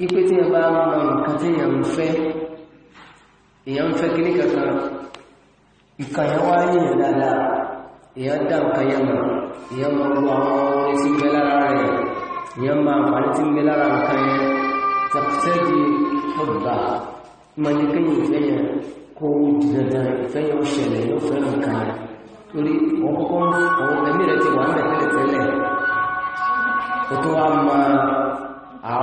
ipe tí ẹ bá mọ nǹkan tí èèyàn ń fẹ́ èèyàn ń fẹ́ kí ní kankan ìkànnì wá yìnyín dáadáa èèyàn dá nǹkan yẹn mọ̀ èèyàn mọ gbogbo àwọn orin tí ń bẹ lára rẹ̀ èèyàn mọ àǹfààní tí ń bẹ lára nǹkan yẹn tẹ̀kùtẹ́ẹ̀dì ọ̀gbà mọ̀nìkẹ́yìn ìfẹ́ yẹn kó dandan ìfẹ́ yẹn ó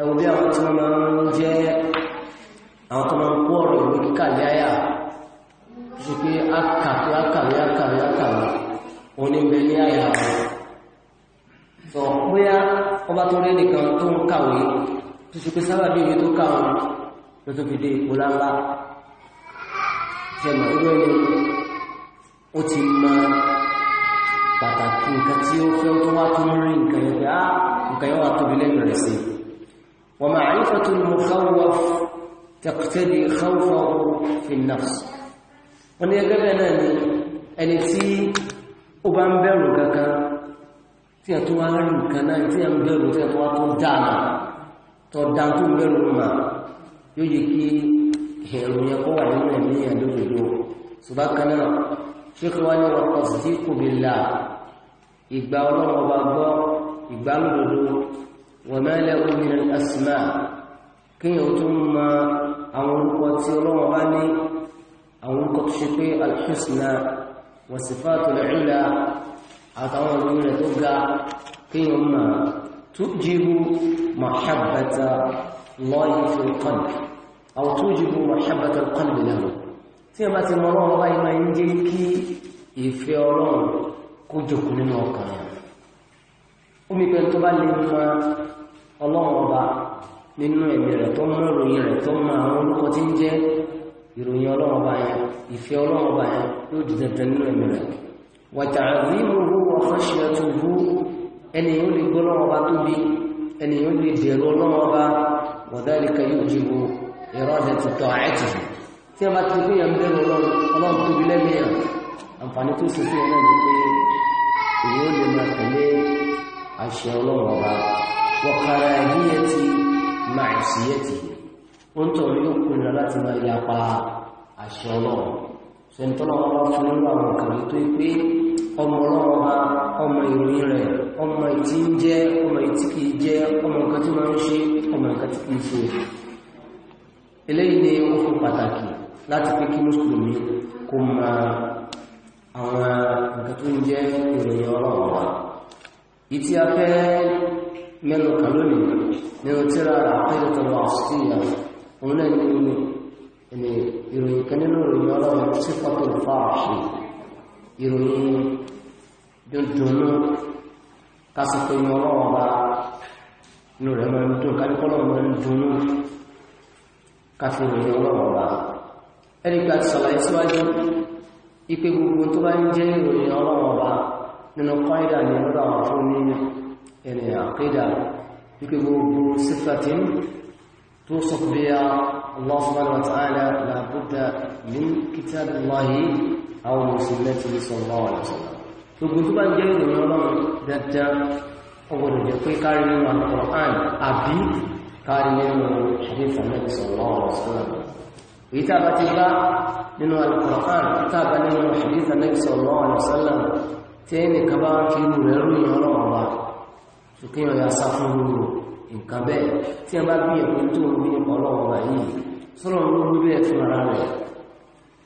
ẹ̀wọ̀n bí àwọn tí wọ́n máa ń jẹ́ àwọn tó máa ń kó ọ̀rọ̀ ìwé kíkàlẹ̀ àyà ṣe pé akàwé akàwé akàwé akàwé oníbẹ̀ ní àyà wọn sọ bóyá ọba tó rí nìkan tó ń kàwé tó ṣe pé sábà bí ìwé tó kà wọn ló tó fi dé pàtàkì nǹkan tí ó fẹ́ tó wá tó ń rí nǹkan yẹn á ah, nǹkan yẹn wà tóbi lẹ́yìn rẹ̀ sí i. ومعرفة المخوف تقتدي خوفه في النفس wọ́n ní ẹgbẹ́ bẹ́ẹ̀ náà ni ẹni tí ó bá ń bẹ̀rù kankan tí ẹ̀ tó wá rí nǹkan náà tí ẹ̀ ń bẹ̀rù tí ẹ̀ tó wá tó dáàmà tó dáa tó ń bẹ̀rù mà yóò yẹ kí ẹ̀rù yẹn kó wà nínú ẹ̀mí yẹn lódodo ṣùgbọ́n kan náà ṣé kí wọ́n ní wọ́n pọ̀ sí kòbílà ìgbà ọlọ́run ọba gbọ́ ìgbà lódodo وما له من الأسماء كي يتم أولوك تيولون غني أولوك تشفي الحسنى وصفات العلى أتعون الأولى تبقى كي يما تؤجب محبة الله في القلب أو توجب محبة القلب له تيما تمرون غير ما ينجيكي يفيرون كجكم من وقعهم omi pẹ̀lú tó bá lè mọ ọlọ́run ọba nínú ẹ̀mí rẹ̀ tó mọ ìròyìn rẹ̀ tó mọ àwọn olùkọ́ tí ń jẹ́ ìròyìn ọlọ́run ọba yẹn ìfẹ́ ọlọ́run ọba yẹn yóò di dandan nínú ẹ̀mí rẹ̀ wàtà àdínúhu ọ̀fọ́ṣẹ́tùhù ẹnìyàn lè gbọ́ ọlọ́run ọba tóbi ẹnìyàn lè dẹ̀rọ ọlọ́run ọba wọ̀dálìkà yóò jìbò ìrọ̀lẹ̀ tuntun àẹ́tì tí a bá ti gbé yàn bẹ̀rù ọlọ́run tóbi lẹ́mìíràn àǹfààní tó ṣe fún ẹ̀ náà ni pé èyí ó lè máa tẹ̀lé àṣẹ ọlọ́run ọba wọ̀kàrà ìdíyẹ ti máa ṣìyẹ tì ó ń tọ̀rọ yóò kún ìrọ̀ láti máa ya pa àṣẹ ọlọ́run sẹ́ńtọ́nà ọba fún nínú àwọn kàwé tó pé ọmọ ọlọ́run ọba ọmọ ìròyìn rẹ̀ ọmọ ìtí ń jẹ́ ọmọ ìtí kìí jẹ́ ọmọ nǹkan tí máa ń ṣe ọmọ nǹkan tí kìí ṣe eléyìí ni ó fún pàtàkì láti pé kí mùsùlùmí kó máa àwọn nǹkan tó ń jẹ́ ìròyìn ọlọ́run ọba ìtí afẹ́ mẹ́nu kan lónìí nínú tíra àpẹẹrẹ tó lọ sí ìyá òun náà ní ìlú ẹni ìròyìn kan nínú ìròyìn ọlọ́run tí pàtó fà ṣe ìròyìn dundunú kásìkò ìmọ̀ ọlọ́run ọba inú rẹ̀ máa ń dùn káníkọ́lọ́ máa ń dunú káfí ìròyìn ọlọ́run ọba ẹni gbà ti sọ̀rọ̀ ẹ síwájú ipe gbogbo tó bá ń jẹ́ ìròyìn ọlọ́run ọba nínú kọ́ìdà ní lọ́dọ̀ àwọn fún ní ẹni àkídà wípé gbogbo sífàtín tó sọ bí i Allah subhanahu wa ta'ala la budda min kitabillahi aw sunnatihi sallallahu alaihi wasallam gbogbo tó bá ń jẹ́ ìròyìn ọlọ́run dáadáa ọgbọ̀dọ̀ jẹ́ pé kárí nínú Al-Qur'an àbí kárí nínú hadith Ànábì sallallahu alaihi wasallam èyí tá a bá tí ẹnìkan bá ń fi inú rẹ̀ ròyìn ọlọ́run ọba sókè ọ̀yà sá fún lóru nǹkan bẹ́ẹ̀ tí ẹ bá bí ẹ̀kọ́ tó ń wí nípa ọlọ́run ọba yìí sọ́nà ló wí bẹ́ẹ̀ fún ara rẹ̀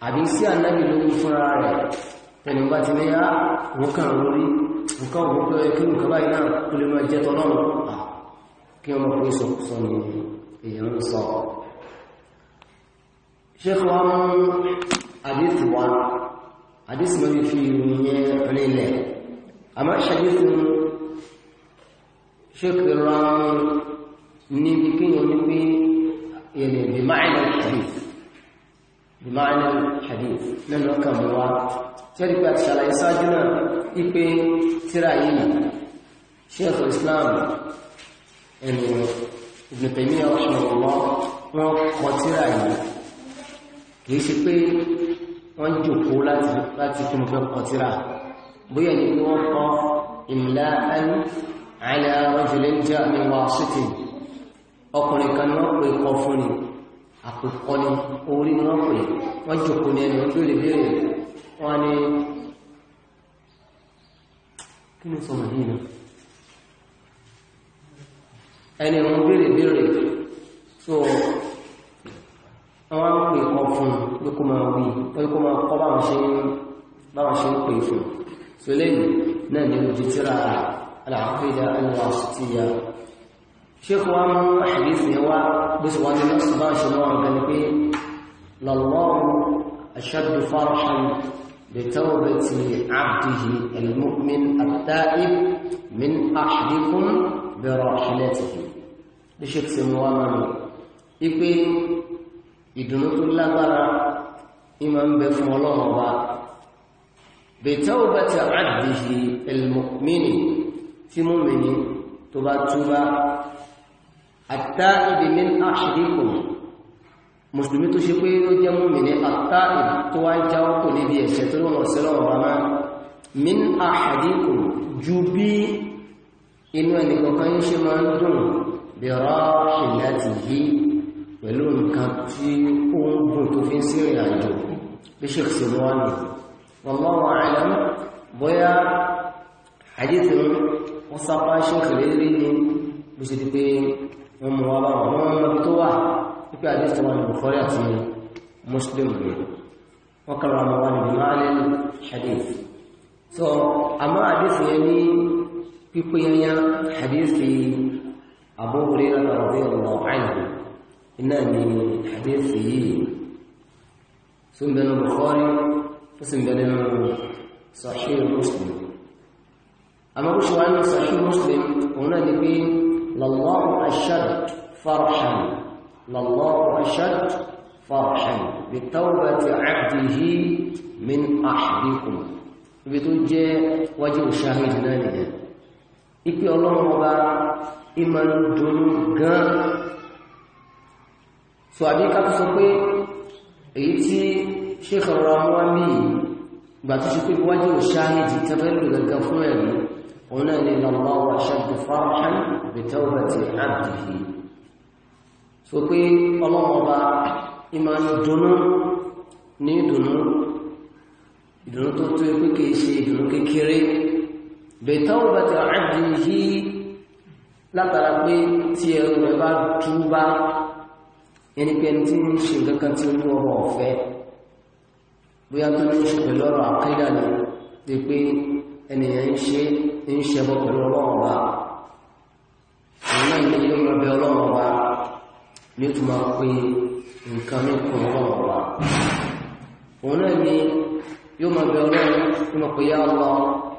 àbí sí ànábì ló wí fún ara rẹ̀ pẹ̀lú bá ti ní á òun lórí nǹkan òun pé kí nǹkan báyìí náà kó lè máa jẹ́ tọ́lọ́run حديث من في علينا أما حديث شكرا نبكي ونبي يعني بمعنى الحديث بمعنى الحديث لأنه كم هو تربية شرعي ساجنا إبي ترائي شيخ الإسلام يعني ابن تيمية رحمه الله وقترائي كيف wọ́n jòkó láti kí mo fẹ́ kọ tíra bóyá ní pé wọ́n kọ́ ìlà ẹnu àìlà rọ́jùlẹ̀ jẹ́ àmì wa ṣìtì ọkùnrin kan ní wọ́n pè kọ fún ni àpèkọ ni orí wọ́n pè wọ́n jòkó ní ẹni wọ́n tó wọ́n ní kí ni sọmọ yìí náà ẹni wọ́n béèrè béèrè àwọn àwọn ìkọ̀ fún ló kó máa wí pé kó máa kọ́ báwọn ṣe ń báwọn ṣe ń pè fún so lẹ́yìn náà ni ojú tíra al-aqida al-wasitiyya شيخ وام بس وانا نفس باش نوع قال أشد فرحا بتوبة عبده المؤمن التائب من أحدكم براحلته بشيخ سموانا يقول ìdùnnú tó lágbára ìmọ̀ ń bẹ fún ọlọ́run ọba bitawbati abdihi almu'mini tí mùmìnì tó bá túbá at-ta'ibi min ahdikum mùsùlùmí tó ṣe pé ó jẹ́ mùmìnì at-ta'ib tó wá ń jáwọ́ níbi ẹ̀ṣẹ̀ tó lọ́wọ́ sí lọ́wọ́ ọba máa min ahdikum ju bí inú ẹnìkọ̀ọ̀kan yóò ṣe máa ń dùn bi rahilatihi pẹ̀lú nǹkan tí ó ń gùn tó fi ń sí ìrìn àjò bí sheikh simoni wallahu a'lam bóyá àdìtì wọn sápá sheikh lérí ni bó ṣe di pé wọn mú wa bá wọn wọn mọ ibi tó wà wípé àdìtì wọn ní bukhari àti muslim rẹ wọn kàrọ àmọ wọn níbi máa lé hadith so àmọ́ àdìtì yẹn ní pípé yẹn yẹn hadith Abu Hurairah radiyallahu iná ni àdéhùn yìí tó ń bẹnu Bukhari tó sì ń bẹ nínú Sahih Muslim àmọ́ bó ṣe wà nínú Sahih Muslim òun náà ni pé lallahu ashad farhan lallahu ashad farhan bitawbati abdihi min ahdikum ibi tó jẹ́ wájú shahid náà nìyẹn ipe ọlọ́run gan so àbí ká tó sọ pé èyí tí sheikh ramuwa ní ìgbà tó ṣe pé wájú òṣáhìdì tẹ́fẹ́ lò gẹ́gẹ́ fún ẹ̀rí òun náà ní lọ́wọ́ wa ṣàbí farhan bitawbati abdihi so pé ọlọ́wọ́ ìmọ̀ dùnú ní dùnú ìdùnnú tó tó ikú kìí ṣe ìdùnnú kékeré bitawbati abdihi látara pé tí ẹrù rẹ̀ bá túbá ẹni pé ẹni tí ń ṣe nǹkan kan tí olú ọrọ̀ ọ̀fẹ́ bóyá tó ní ṣe pẹ̀lú ọ̀rọ̀ àkídà ni ti pé ènìyàn ń ṣe ń ṣẹbọ pẹ̀lú ọlọ́run ọba òun náà ní ilé ọbẹ̀ ọlọ́run ọba ní ó tún máa pe nǹkan ní kún ọlọ́run ọba òun náà ní yóò máa bẹ ọlọ́run yóò máa pe yá ọlọ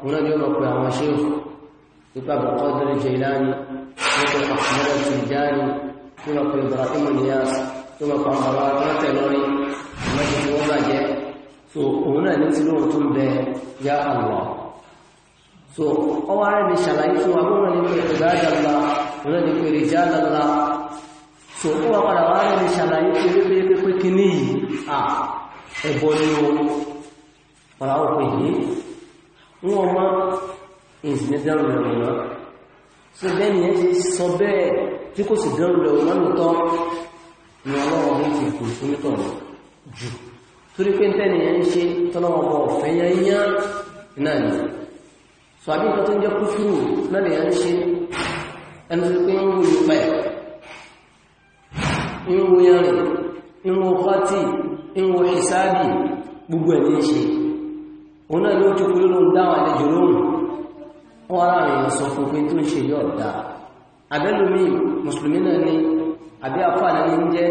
òun náà ní yóò máa pe àwọn ṣéèkù nípa àbùkọ́ dẹ́rẹ́jẹ ìlànà nípa àmọ́lẹ̀ tìjáni yóò máa pe Ibrahim Niyas tó máa pa àwọn ará tẹ̀ so òun náà ní ti lóhun tó ń bẹ yá àwọ̀ so ọwọ́ ara ni ṣàlàyé fún wa lóhun ní pé ìbáradàlá òun náà so ó wà padà ni o padà ó pè yìí wọn mọ ìsìn dẹrù lọ wọn so bẹ́ẹ̀ ni ẹ ti sọ bẹ́ẹ̀ tí kò sì ni ọlọ́wọ́ ní ti kò fún tọ̀rọ̀ jù torí pé tẹ́ni ẹ̀ ń ṣe tọ́lọ́wọ́ bọ̀ ọ̀fẹ́ yányá náà ni sọ àbí nǹkan tó ń jẹ́ kúfúrú náà ni ẹ̀ ń ṣe ẹni tó pé ń wo ìpa ẹ̀ ń wo yanrìn ń wo fátì ń wo ìsáàbì gbogbo ẹ̀ ní ṣe òun náà ni ó ti kú lóhun dáhùn àlejò lóhùn wọn ara rẹ̀ sọ fún pé tó ń ṣe yọ̀ dáa àbẹ́lómi mùsùlùmí náà ni àbí àfààní ní jẹ́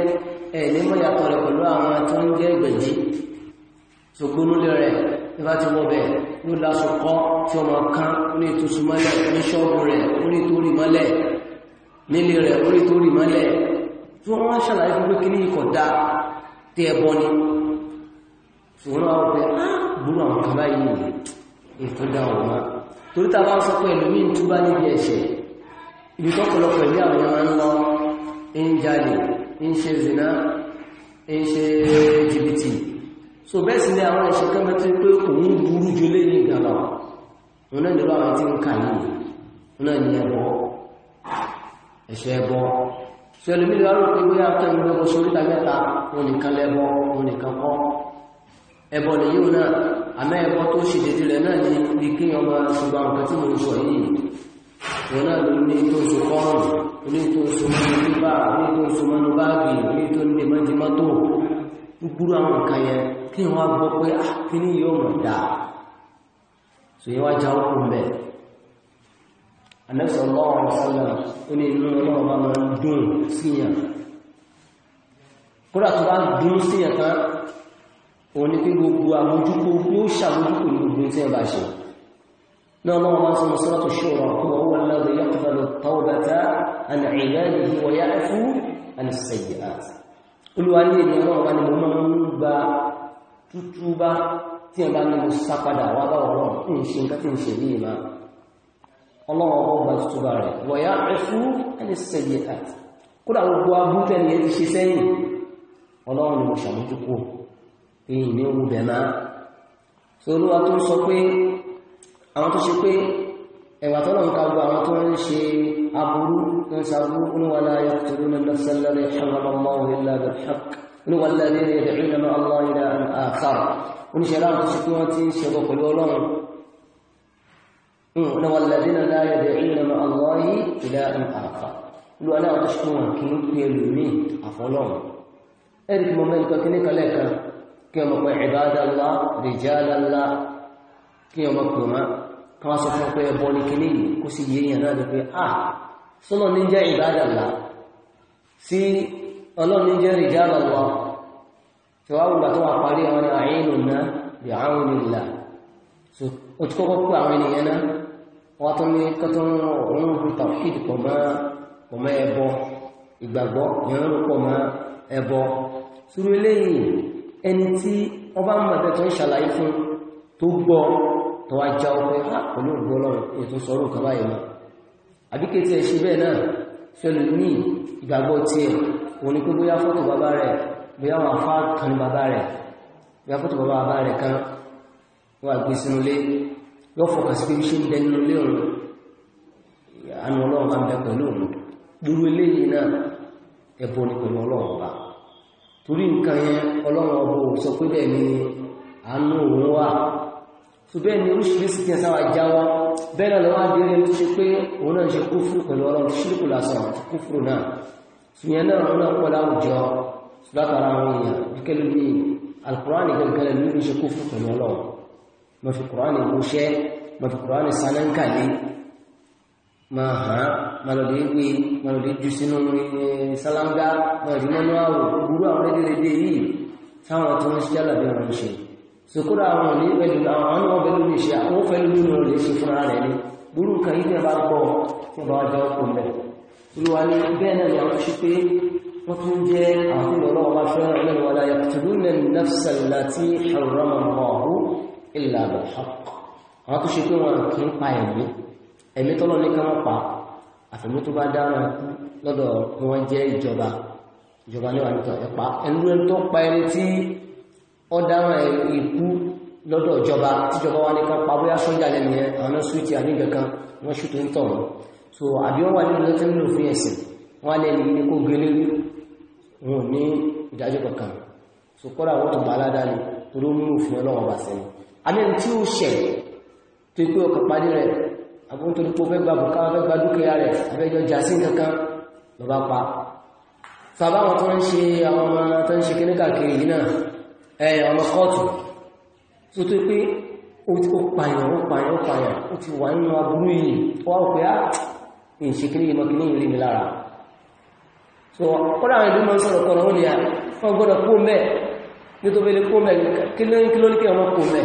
ẹ̀ẹ́lẹ́ mọ́ yàtọ̀ rẹ̀ pẹ̀lú àwọn tó ń jẹ́ ìgbẹ̀jì tó gbónú lé rẹ̀ nígbà tí wọ́n bẹ̀ ló lásọ kọ́ tí ọmọ kan ní ìtúsù mọ́lẹ̀ ní ṣọ́ọ̀bù rẹ̀ orí tó rì mọ́lẹ̀ nílé rẹ̀ orí tó rì mọ́lẹ̀ tí wọ́n ṣàlàyé fún pé kí ní ikọ̀ dá tí ẹbọ ni ṣùgbọ́n àwọn pé ah, burú àwọn kan báyìí ètò dá wọn mọ́ torí ta bá ń jalè ń ṣe zina ń ṣe jìbìtì so bẹ́ẹ̀ sì ni àwọn ẹ̀ṣẹ̀ kan mẹ́tí pé òun burú jù lé ní ìgbàlá òun náà nílò àwọn tí ń kà yìí òun náà ní ẹbọ ẹ̀ṣẹ̀ ẹbọ so ẹlòmílẹ̀ wà lópin bóyá kẹ́mi gbogbo sórí ta mẹ́ta wọn nìkan lẹ́bọ wọn nìkan kọ́ ẹbọ nìyí òun náà àmẹ́ ẹbọ tó ṣe dédé rẹ̀ náà ní bí kéèyàn ṣùgbọ́n nǹkan tí mo sọ yìí wọn náà ló ní tó oṣù kọrùn ní tó oṣù mọ́nu bíbá ní tó oṣù mọ́nu báàgì ní tó ní mọ́jímọ́tò gbúgbúrú àwọn nǹkan kí wọ́n gbọ́ pé ah, kíní yóò mọ̀ dáa so yẹn wá já òkú mbẹ́ anẹ́sọ̀ lọ́wọ́ ọ̀sọ́lá ó ní inú ọlọ́wọ́ bá máa ń dùn síyàn kódà tó bá dùn síyàn tán òun ní pé gbogbo àmójúkó yóò نعم الله سبحانه سورة الشورى هو هو الذي يقبل التوبة عن عباده ويعفو عن السيئات قلوا أني إن الله أنا ممنوبة تتوبة تيبان مستقدا وضع الله إن شنك تنشبيما الله أبوه تتوبة ويعفو عن السيئات قل أبوه أبوك أن يدشي سيئ الله أنا مشامتكو إني أبوه بما سورة سورة àwọn tó ṣe pé ẹ̀wà tọ́lọ̀ ń kagbọ́ àwọn tó ń ṣe aburú ń sàbú níwàlá yàtúrú ní lọ́sẹ̀lẹ́rẹ̀ ṣàmàmàmọ́ ìlà bẹ̀hàk níwàlá ní ẹ̀dẹ̀rẹ̀ ìlànà aláìlà àkàrà oníṣẹ́ láwọn tó ṣe pé káwà sọ fún ọpẹ́ ẹbọ ní kìíní yìí kó sì yéèyàn náà lè pé à ah, sọ́nà ní jẹ́ ìbádàlá sí ọlọ́run ní jẹ́ rijalallah tí wàá wùgbà tó wà parí àwọn àyínú náà bí àwọn ìlà so ó ti kọ́kọ́ pé àwọn ènìyàn náà wọ́n tún ní kọ́tún òun fi tàwíìd pọ̀ mọ́ pọ̀ mọ́ ẹbọ ìgbàgbọ́ ìrànlọ́ tó wá já ọ pé á pẹ̀lú ògbó ọlọ́run ètò sọ̀rọ̀ nǹkan báyìí lọ àbí kété ẹ ṣe bẹ́ẹ̀ náà fẹ́lú ní ìgbàgbọ́ tiẹ̀ òun ni pé bóyá fọ́tò bàbá rẹ̀ bóyá wọn afá kan ní bàbá rẹ̀ bóyá fọ́tò bàbá rẹ̀ kan wọ́n àgbé sínú ilé yóò fọkàn sí pé bí ṣe ń bẹ nínú òun àánú ọlọ́run bá ń bẹ pẹ̀lú òun gbúrú eléyìí náà ẹ̀bọ ni pẹ̀lú ọlọ́run ọba torí nǹkan yẹn ọlọ́run ọba ò sọ pé bẹ́ẹ̀ ni àánú òun wà ṣùgbẹ́ ni oríṣìíríṣìí kí n sáwà jáwọ́ bẹ́ẹ̀ lọ́wọ́ adìrẹ tó ṣe pé òun náà ṣe kúfùrù pẹ̀lú ọlọ́run ṣílùkù lásán kúfùrù náà ṣùgbọ́n náà òun náà pọ̀lá àwùjọ látara àwọn èèyàn kíkẹ́lú ní alkùránì gẹ́gẹ́rẹ́ ló ń ṣe kúfùrù pẹ̀lú ọlọ́run ma fi kùránì múṣẹ́ ma fi kùránì sanáńkàlé ma hàn ma lọ lè gbé ma lọ lè ju sínú eh, sálángá sòkúrò àwọn òní pẹ̀lú àwọn àwọn ọmọ pẹ̀lú lè ṣe àwọn fẹ́ lórí ìrìn lè ṣe fúnra rẹ̀ ní burú kan yìí tẹ́ bá gbọ́ tí bá jọ kò mẹ́ olúwa ní bẹ́ẹ̀ náà ni àwọn ṣe pé wọ́n tún jẹ́ àwọn ọlọ́wọ́ bá fẹ́ràn ọlọ́run wala yaqtuluna an-nafsa allati ọ̀daràn ikú lọ́dọ̀ ìjọba tíjọba wá ní kan pa bóyá sójà lẹ́nu yẹn àwọn súwìtì àníbẹ̀kan wọ́n ṣù tó ń tọ̀ wọ́n so àbí wọ́n wà nínú lọ́tẹ́ nínú òfin ẹ̀sìn wọ́n lẹ́ ní ní kó gẹ́lé wọn ò ní ìdájọ́ kankan so kọ́dà wọ́n tó bá aládá ni torí ó mú òfin ọlọ́wọ́ bá sẹ́ni àmì tí ó ṣẹ̀ tó pé ọkàn padì rẹ̀ àbúrò tó dúpọ̀ fẹ́ gba bùkà fẹ́ gba dúkìá rẹ̀ abẹ́jọ́ jásí kankan lọ́ba pa so àbáwọn tó ń ṣe àwọn ọmọ tó ń ṣe kíníkàkiri yìí náà ọ̀nà kọ́ọ̀tù tó tó pé ó pààyàn ó pààyàn ó pààyàn ó ti wà nínú aburú yìí wá ó pé á ìṣèkiri ìmọ̀kìní ìrí mi lára so kọ́lá àwọn ìlú máa ń sọ̀rọ̀ kọ́nà ó lè yà ah, wọ́n gbọ́dọ̀ kó mẹ́ nítorí lè kó mẹ́ kí ló ní kí ọmọ kó mẹ́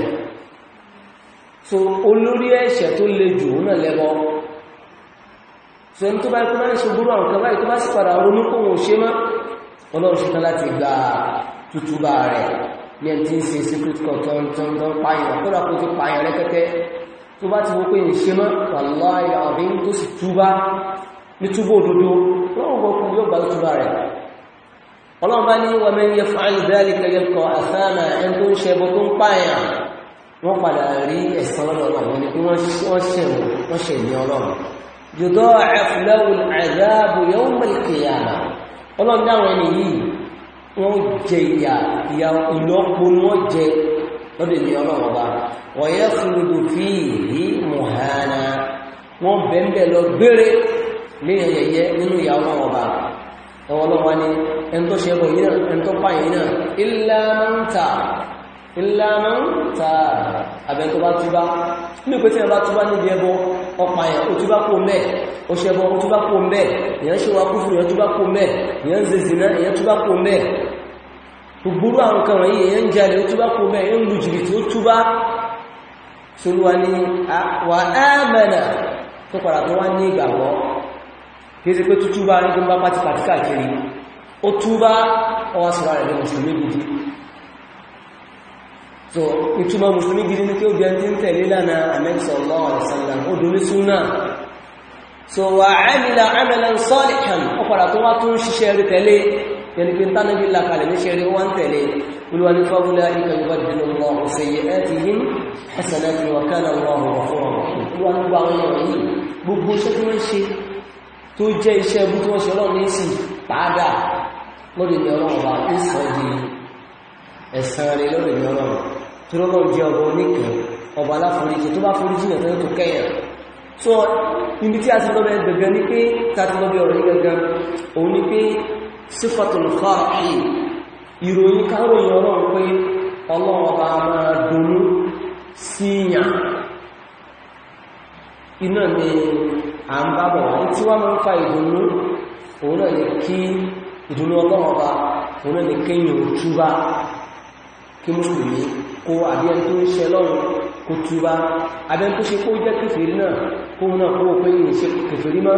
so olórí ẹ̀ṣẹ̀ tó le jù so ẹni tó bá kó máa ń ṣe gbúrú àwọn kan báyìí tó bá sì padà ronú kó wọn ò ṣe láti gba tútúbà rẹ̀ ní ẹni tí ń ṣe secret control tó ń pààyàn kódà kó ti pààyàn rẹ́kẹ́kẹ́ tó bá ti wó pé ìṣe mọ́ wàláì àbí tó sì túbá ní túbó òdodo lọ́wọ́ gbọ́kùn yóò gbà túbá rẹ̀ ọlọ́run bá ní wọ́n mẹ́rin yẹ fàáìlì bẹ́ẹ̀lì kẹyẹ kọ àsáàmà ẹn tó ń ṣe ẹbọ tó ń pààyàn ọlọ́run dáwọn ẹni yìí wọ́n jẹ ìyà ìyà ìlọ́pọ̀ wọ́n jẹ lọ́dẹ̀ ní ọlọ́run ọba wọ́n yẹ fúnlùdù fi ìhí mùhánà wọ́n bẹ̀m̀bẹ̀ lọ gbére léyìn yẹyẹ nínú ìyà ọlọ́run ọba ọlọ́wọ́ ni ẹni tó ṣe yìí náà ẹni tó pààyàn náà ilẹ̀ mọ́ta ńlá máa ń ta àbẹ̀ tó bá túbá ní pé tí ẹ bá túbá níbi ẹbọ ọpa ẹ̀ ó túbá kó mẹ́ ó ṣẹbọ o túbá kó mẹ́ èyàn ṣe wá kúfù èyàn túbá kó mẹ́ èyàn zèzìnà èyàn túbá kó mẹ́ gbogbo àwọn kan wọ̀nyí èyàn ń jalè ó túbá kó mẹ́ èyàn lu jìbìtì ó túbá solúwa ní wà ámẹ́nà tó rẹ̀ lọ́wọ́ sí méjì so ìtumọ̀ musulmi gidi ní kí ó jẹ́ tí ń tẹ̀lé lánàá Ànábì sallallahu alaihi wasallam ó dúró súnà so wà áìlà amalan salihan ọkọ̀rà tó wá tó ń ṣiṣẹ́ rí tẹ̀lé yẹni pé tánàbí lakalẹ̀ ní ṣẹ́rí wọ́n tẹ̀lé olúwani fáwọlá ikọ̀ yubadilullahu sayyi'atihim hasanatan wa kana Allahu ghafuran ẹ̀sàn rẹ̀ lọ́rẹ̀ ní ọlọ́run tó lọ́nà jẹ́ ọba oníkẹ̀ ọba aláforíjì tó bá foríjì nà tó kẹ́yàn so níbi tí a ti lọ́bẹ̀ gẹ̀gẹ̀ ní pé tàbí lọ́bẹ̀ ọ̀rọ̀ gẹ̀gẹ̀ òun ni pé sífàtùn fàáhì ìròyìn káròyìn ọlọ́run pé ọlọ́run ọba máa dùnú síyàn ni à ń bábọ̀ wáyé tí wá máa ni kí ìdùnnú ọlọ́run ọba òun ni kéyìn òtúbá kí mùsùlùmí kó àbíẹn tó ń ṣe lọ́run kó túbá àbíẹn tó ṣe kó jẹ́ kèfèrí náà kó náà kó pé ní ṣe kèfèrí mọ́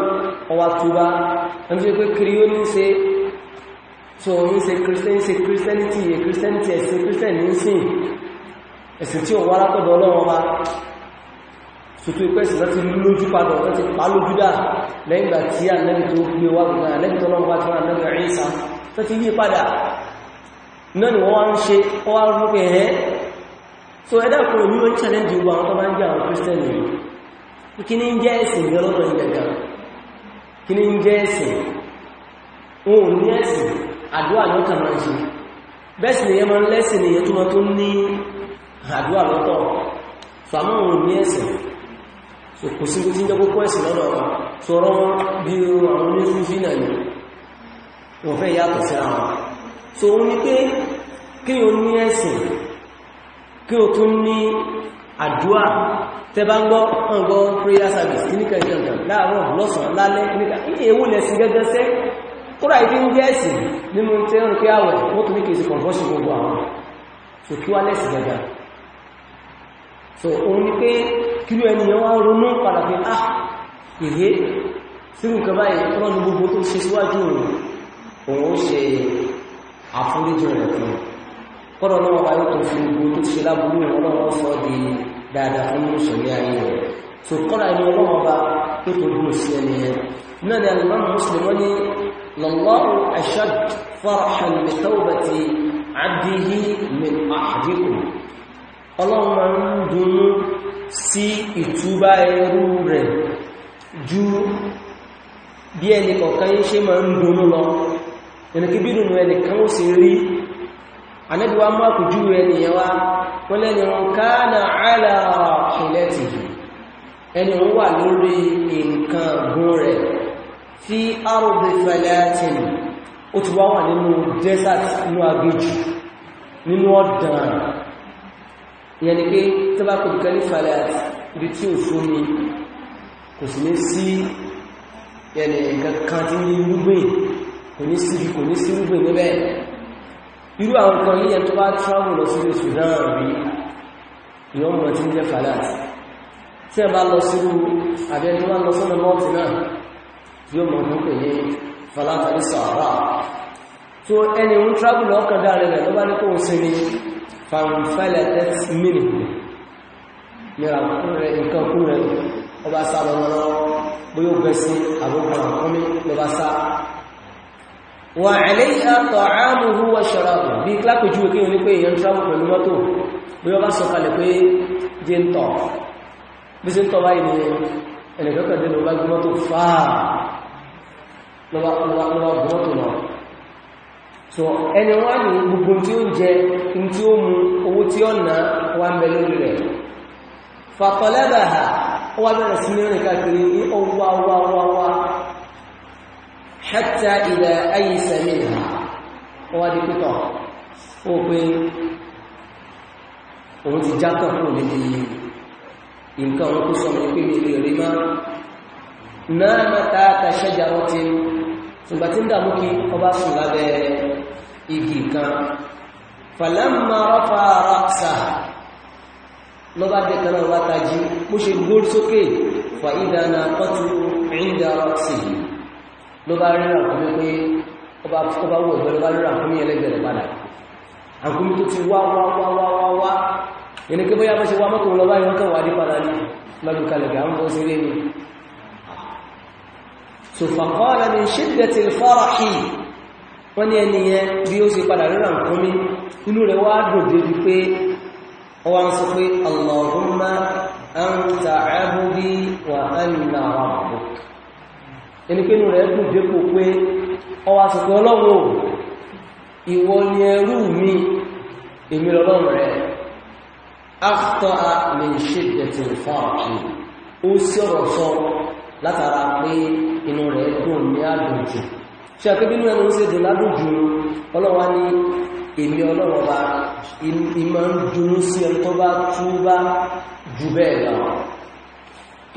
ọwá túbá ẹni tó pé kiri ó ní ṣe tó ń ṣe kírísítẹ́nìtì kírísítẹ́nìtì ẹ̀sìn kírísítẹ́nì ń sìn ẹ̀sìn tí ó wá látọ̀dọ̀ ọlọ́run ọba tutu ipe si láti lójú padà láti pa lójú dá lẹ́yìn ìgbà tí ànẹ́bì tó gbé wá gbogbo ànẹ́bì tó lọ́wọ́ tí wọ́n ànẹ́bì rí ìsá tó ti yí padà náà ni wọ́n wá ń ṣe wọ́n wá rú so ẹ̀dá kò wọ́n challenge gbogbo àwọn tó bá ń jẹ́ àwọn christian yìí kí ní ń jẹ́ ẹ̀sìn lọ́lọ́pọ̀ ìgbẹ̀gà kí ní ń jẹ́ ẹ̀sìn òun ní ẹ̀sìn àdúrà ló kà máa ṣe bẹ́ẹ̀ sì nìyẹn máa ń lẹ́sìn so àmọ́ òun ní ẹ̀sìn so kò sí tí ń ni wọ́n fẹ́ yàtọ̀ sí àwọn so òun ni pé kí o ní ẹ̀sìn kí o tún ní àdúà tẹba ń gbọ́ ọ̀gbọ́ prayer service níkan ìkankan láàárọ̀ lọ́sàn lálẹ́ níkan ní ewu lẹ̀sìn gẹ́gẹ́ sẹ́ kúrò ìdí ń jẹ́ ẹ̀sìn nínú tẹ́ ń kí àwẹ̀ ó tún ní kìí sí conversion gbogbo àwọn so kí wá lẹ́sìn gẹ́gẹ́ so òun ni pé kí ló ẹni yẹn wá ronú padà pé ah ìhé sínú nǹkan báyìí ọlọ́run gbogbo kọ́rọ̀ náà wà yóò tó fi gbogbo tó ti ṣe láburú ọlọ́wọ́ sọ di dáadáa fún mùsùlùmí ayé rẹ̀ tó kọ́ra ẹni ọlọ́wọ́ bá yóò tó dùn sí ẹni yẹn náà ni alimam muslim wọn ni lallahu ashad farahan bi tawbati abdihi Ànábì wa máa kù jú ẹniyàn wá wọ́n lẹ́ni wọn káàna àlà ṣẹlẹ́tì ẹni wọ́n wà lórí nǹkan gún rẹ̀ fi arùbẹ̀ fẹ́lẹ́tì ó ti wá wà nínú desert inú agbéjù nínú ọ̀dàn ìyẹn ni pé tó kò kẹ́ ní fẹ́lẹ́tì ibi tí ò irú àwọn nǹkan yíyẹn tó bá travel lọ sí Sudan rí ìyọ́n mọ̀ tí ń jẹ́ falat tí ẹ bá lọ sí irú àbẹ́ tó bá lọ sọ́nà mọ́ọ̀tì náà yóò mọ̀ ní pè ní falat àbí sàárà tó ẹni ń travel ọkàn dáre rẹ̀ ló bá ní kó ń wà àlẹ́yà ta'amuhu wa sharabuhu bí klápẹ̀jú òkè ní pé èèyàn travel pẹ̀lú mọ́tò bí wọ́n bá sọ kalẹ̀ pé jẹ́ ń tọ̀ bí sí ń tọ́ báyìí ni ẹnìkọ́kọ̀dé ló bá gbé mọ́tò fáà lọ́wọ́ mọ́tò náà so ẹni wá ní gbogbo tí ó jẹ tí ó mu owó tí ó ná wà ń bẹ lórí rẹ̀ fàkọlẹ́bàá wà bẹ̀rẹ̀ sí ní rìn káàkiri ní ọwọ́ wá wá wá hẹ́tà ilẹ̀ ayé sẹ́mi nà ọwá di pípọ̀ ó pé òun ti jákọ̀ kúrò níbi nǹkan òun kó sọmọ ní pé mi lè rí máa náà mẹ́ta kàṣẹ́jà wọ́n ti ṣùgbà tí ń dàmú kí ọba sùn lábẹ́ igi kan falamma rafa ra'sa lọ́bá dẹ̀kan náà wátají bó ṣe gbóòrò sókè fa idha naqatu 'inda ra'sihi ló bá rí ràkúnmí pé ó bá wù ẹgbẹ́ ló bá rí ràkúnmí ẹlẹ́gbẹ̀ẹ́ rẹ̀ padà ràkúnmí tó ti wá wá wá wá wá wá yẹn ni pé bóyá bó ṣe wá mọ́tò lọ báyìí wọ́n kàn wá dé padà ní lọ́dún kalẹ̀ gà ń bọ́ sí lẹ́nu sòfàkọ́ọ̀lá ni ṣídẹ̀tì fọ́rọ̀kì wọ́n ní ẹni yẹn bí ó ṣe padà rí ràkúnmí inú rẹ̀ wá dòdò di pé ọwá ń sọ pé Allahumma anta abudi wa anna rabbuk ẹnikẹ́ni rẹ̀ dùn dépò pé ọwà sọ̀tọ̀ ọlọ́run ìwọ ni ẹrú mi èmi lọ́lọ́run rẹ̀ after a min shiddati fa'ati ó sí ọ̀rọ̀ sọ látara pé inú rẹ̀ dùn ní àdùnjù ṣe àkébínú ẹnu ń ṣe ládùnjù ọlọ́wà ní èmi ọlọ́wọ́ bá ìmọ̀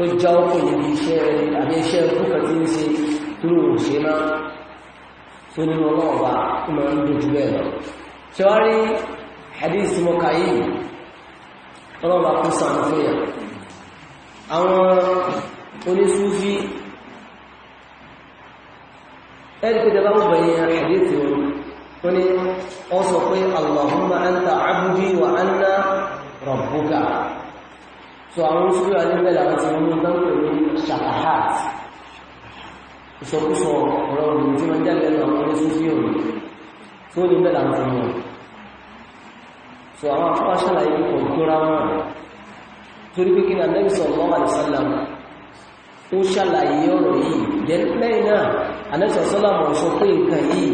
tó já ó pè níbi iṣẹ́ àbí iṣẹ́ púpọ̀ tí ń ṣe dúró òṣè máa tó nínú ọlọ́ọ̀bá tó máa ń dojú bẹ́ẹ̀ lọ ṣe wá rí hadith mọ́ka yìí ọlọ́ọ̀bá kó sàánú fún yà àwọn onífúfí ẹni pé dábàá gbogbo ẹ̀yìn hadith wọn wọ́n ni wọ́n sọ pé allahumma anta abudi wa anna rabbuka so àwọn oṣù alẹ́gbẹ́ làwọn ti mú lọ́pẹ̀ ní shafahat ìṣọ́kúsọ ọ̀rọ̀ òyìn tí wọ́n jáde lọ àwọn oṣù sí òní tí ó ní bẹ́ẹ̀ làwọn ti mú so àwọn afọ́wá ṣàlàyé kò tóra wọn torí pé kí ni Ànábì sallallahu alaihi wasallam ó ṣàlàyé ọ̀rọ̀ yìí lẹ́yìn náà Ànábì sallallahu alaihi wasallam sọ pé nǹkan yìí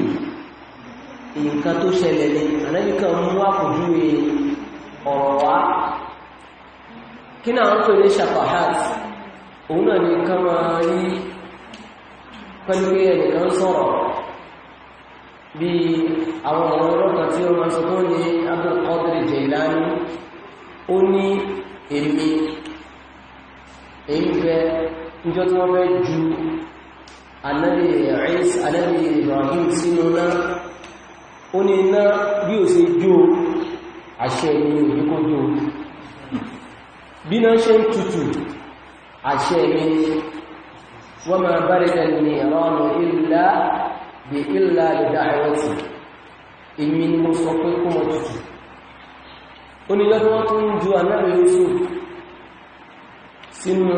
nǹkan tó ṣẹlẹ̀ ni kí náà ń pè ní shafahat òun náà ni ká máa rí pẹ̀lú pé ẹnìkan sọ̀rọ̀ bí àwọn ọ̀rọ̀ ọlọ́pàá tí ó máa sọ tó ní Abdul Qadir Jailani ó ní èmi èyí fẹ́ níjọ́ tí wọ́n fẹ́ ju anábì Ibrahim sínú náà ó ní iná bí ò sí jó àṣẹ ìlú ìdíkójó bí náà ṣe ń tutù àṣẹ mi ni wọ́n máa bárẹ̀ ní ìrọ̀nù ìlà bí ìlà ìdá àwọ̀tì èmi ni mo sọ pé kó mọ̀ tutù ó ní lọ́dún wọ́n tún ju anábì sínú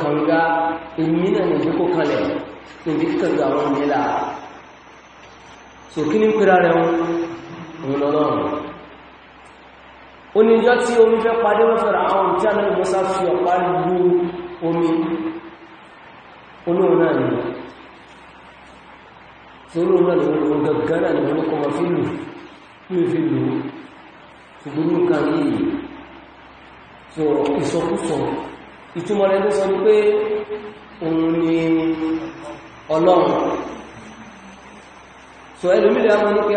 kànga èmi náà ní ìdíkò kalẹ̀ níbi kànga wọn kí oníjọ́ tí omi fẹ́ padé wọ́n fẹ́ra àwọn tí a náà mọ́sá fi ọ̀pá lú omi olóòrùn náà ni tí olóòrùn náà ni wọ́n lọ gẹ́gẹ́rẹ́ ni wọ́n kọ́ fi lù ní fi lù ṣùgbọ́n ká yìí tó so ẹlòmílẹ̀ àwọn ní pé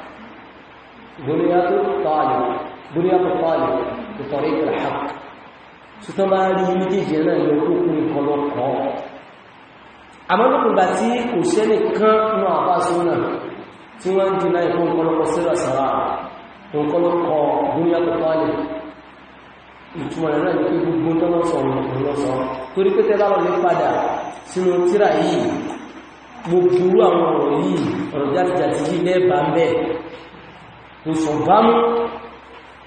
بنيات الطالب بنيات الطالب بطريق الحق sùtọ́mọ́rí méjèèjì náà ni ó kún nǹkan lọ kọ́ àmọ́lùkùnbà tí kò sẹ́lẹ̀ kán ní àbáṣúnà tí wọ́n ń dínà ìfún ọ̀pọ̀lọpọ̀ sílẹ̀ sára ọ̀pọ̀lọpọ̀ gúnyà tó pálẹ̀ ìtumọ̀ rẹ̀ náà ní gbogbo tọ́lọ́sọ̀ torí pé tẹ́lá lè padà sínú tíra yìí mo burú àwọn ọ̀rọ̀ yìí ọ̀rọ̀ jáde jáde yìí lẹ́ẹ̀bà ń bẹ́ẹ̀ kò sùn bámú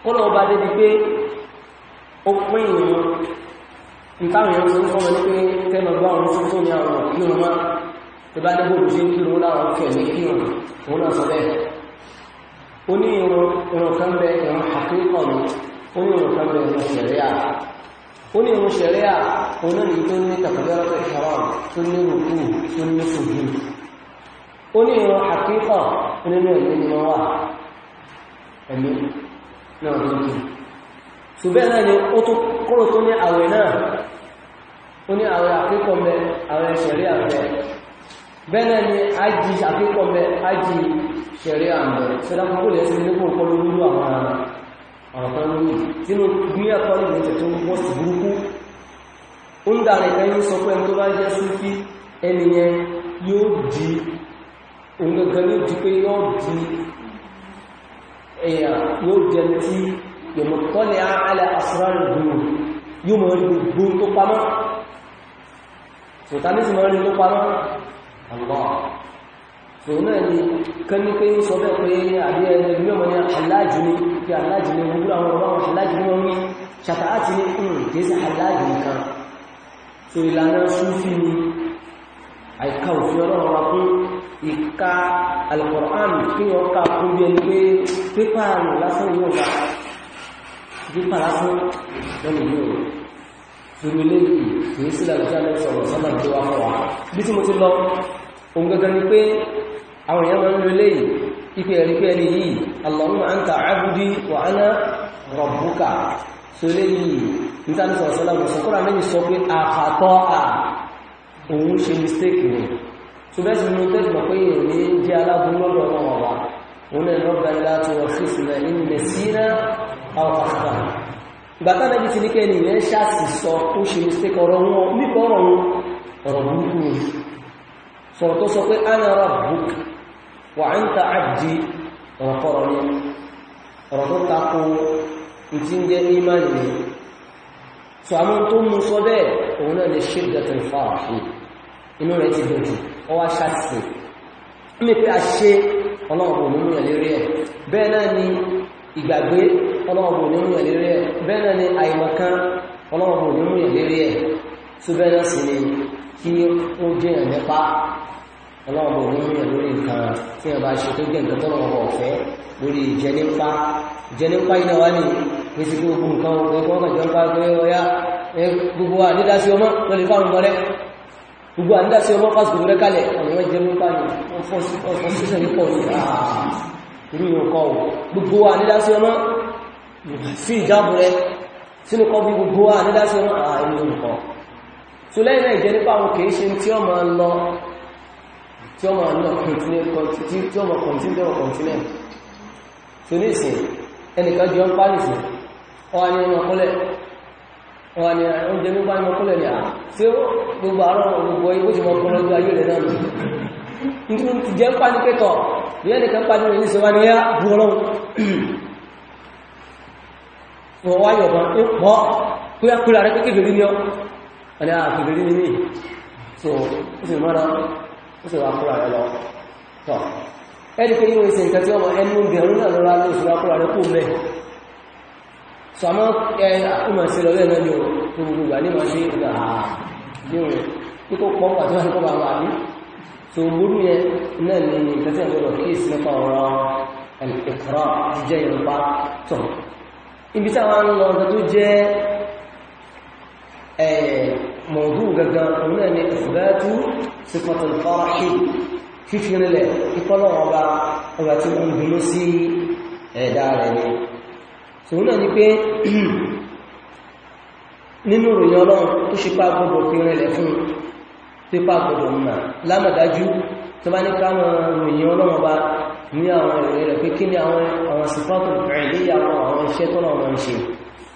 kọ́nà ọba dé ni pé ó pín ìrìn ìtàwọn èèyàn tó ń fọ́mọ ní pé tẹ́lọ bá òun tó tó ní àwọn ìrìn máa tó bá ní bóòlù sí ń kírun láwọn kẹ̀ ní kírun òun náà sọ bẹ́ẹ̀ ó ní ìrìn kan bẹ ìrìn àkókò ó ní ìrìn kan bẹ ìrìn ṣẹ̀ríà ẹ̀mí náà ló kí ṣùgbẹ́ náà ni ó tó kúrò tó ní àwẹ̀ náà ó ní àwẹ̀ àkíkọ̀ mẹ́ àwẹ̀ ṣẹ̀rí àmẹ́ bẹ́ẹ̀ náà ni ájì àkíkọ̀ mẹ́ ájì ṣẹ̀rí àmẹ́ ṣẹlápapọ̀ lẹ́ sí nípò kọ́ ló lúlú àwọn ara ọ̀rọ̀ kan lórí sínú bí ẹ̀kọ́ ní ìṣẹ̀ tó wọ́n sì burúkú ó ń dà èèyàn yóò jẹ́ tí yóò tọ́lẹ̀ alẹ́ asrar gbòòrò yóò mọ̀ rí gbogbo tó pamọ́ sòtá ní sì mọ̀ rí tó pamọ́ àlọ́ sòun náà ni kẹ́ni pé ń sọ bẹ́ẹ̀ pé àbí ẹni ẹgbẹ́ ọmọ ní aláàjì ni kí aláàjì ni wọ́n gbúra àwọn ọmọ àwọn ni wọ́n ní ṣàtàláàtì ní ǹkẹ́sì so ìlànà súnfì ni àìkà òfin ọlọ́run wa fún ìka alukur'an kí wọ́n ká fún bí ẹni pé pépà rẹ̀ lásán yóò bá pépà lásán lọ́nà yóò torí léyìí kìí sí làlùjá lọ sọ̀rọ̀ sọ́nà tó wá fún wa bí tí mo ti lọ ohun gẹ́gẹ́ ni pé àwọn èèyàn máa ń lo léyìí ife pé ẹni yìí Allahumma anta abudi wa ana rabbuka so léyìí níta ní sọ̀rọ̀ sọ́nà sọ́kúrà mẹ́yìn sọ pé àkàtọ́ à òun ṣe mistake ni tubẹ́sì ní tó jùmọ̀ pé èmi ń jẹ́ alágun lọ́dọ̀ ọmọ ọ̀wà òun náà lọ́gbà ilá tó wọ́n sí ìsìnlẹ̀ ilẹ̀ síra àwọn àkàkà ìgbàtà lẹ́bí ti ní kẹ́ ni ìyẹn ṣáàsì sọ tó ṣe mistake ọ̀rọ̀ wọn nípa wọn ọ̀rọ̀ burúkú ni sọ̀rọ̀ tó sọ pé ana rabbuk wa anta abdi ọ̀rọ̀ ọ̀rọ̀ tó inú rẹ̀ ti dọ̀tí ọwá ṣàtìsì mí pé a ṣe ọlọ́ọ̀bọ̀ nínú ẹ̀ lérí ẹ̀ bẹ́ẹ̀ náà ni ìgbàgbé ọlọ́ọ̀bọ̀ nínú ẹ̀ lérí ẹ̀ bẹ́ẹ̀ náà ni àìmọ̀kan ọlọ́ọ̀bọ̀ nínú ẹ̀ lérí ẹ̀ tó bẹ́ẹ̀ náà sì ni kí ó jẹ́yàn nípa ọlọ́ọ̀bọ̀ nínú ẹ̀ lórí nǹkan tí ẹ bá ṣe tó jẹ́ nǹkan tọ́lọ́ọ̀bọ̀ ọ̀fẹ́ lórí ìjẹ nípa ìjẹ nípa iná wá ní pèsè gbogbo nǹkan ọ̀gbẹ́gbọ́n kàjọ́ ń bá gbé ọya gbogbo àdídásí ọmọ lọ́lẹ̀ fáwọn ọmọ rẹ̀ gbogbo àdúgbà sí ọmọ fásitì ah, gbogbo rẹ́kálẹ̀ àwọn ẹjẹ́ mú bá yìí ọ̀fọ́ sísẹ̀ ní pọ̀ ní ààrùn ìrìnkọ́ gbogbo àdúgbà sí ọmọ sí ìjábù rẹ sínú kọ́ bí gbogbo àdúgbà sí ọmọ ààrùn ìrìnkọ́ tó lẹ́yìn náà ìjẹ́ nípa àwọn kìí ṣe tí ọmọ lọ tí ọmọ lọ tí ọmọ kọ̀ntínlẹ̀ kọ̀ntínlẹ̀ tó ní ìsìn ẹnìkan jọ ń pálì sí ọ wọn ah, ni oúnjẹ ní bá ní ọkúnlẹ̀ ní à tí ó gbogbo àárọ̀ gbogbo ibó ṣe mọ́kún lọ́jọ́ ayé rẹ̀ náà nù ní ti jẹ́ ń pa ní pẹ́tọ̀ ìyẹ́ nìkan pa ní ìṣẹ́ wá ní yá bú ọlọ́run wọ́n wá ni so ó sì mọ́ra ó sì wá akúrà rẹ̀ lọ tọ̀ ẹni pé yíò ìṣe nǹkan tí ọmọ ẹnu bẹ̀rù náà lọ́ra lóṣù akúrà rẹ̀ kú mẹ́ so àmọ́ ẹ ọmọ ìṣẹ̀lẹ̀ ọlẹ́ náà ni ó gbogbo ìgbà ní wọ́n ṣe ìgbà ní òun pọ̀ pàtó láti kọ́ba wà ní so gbogbo yẹn náà ni nǹkan tí àwọn ọ̀rọ̀ kéèsì nípa ọ̀rọ̀ ẹ̀kọ́rọ̀ ti jẹ́ ìrọ̀pá tọ̀ ibi tí àwọn ọ̀rọ̀ nǹkan tó jẹ́ mọ̀ọ́dún gangan òun náà ni ìfúgbàtú sípọ̀tò fọ́ọ̀ṣì fífi nílẹ̀ ìkọlọ̀ ọba ọba tí wọ́n sòun náà ni pé nínú ìròyìn ọlọ́run tó ṣe pá gbọdọ̀ fi rẹlẹ̀ fún pépà gbọdọ̀ mà lámàdájú tó bá ní káwọn ìròyìn ọlọ́run bá ní àwọn ìròyìn rẹ̀ pé kí ni àwọn àwọn sífọ́tò rẹ̀ lé àwọn àwọn iṣẹ́ tó náà ń ṣe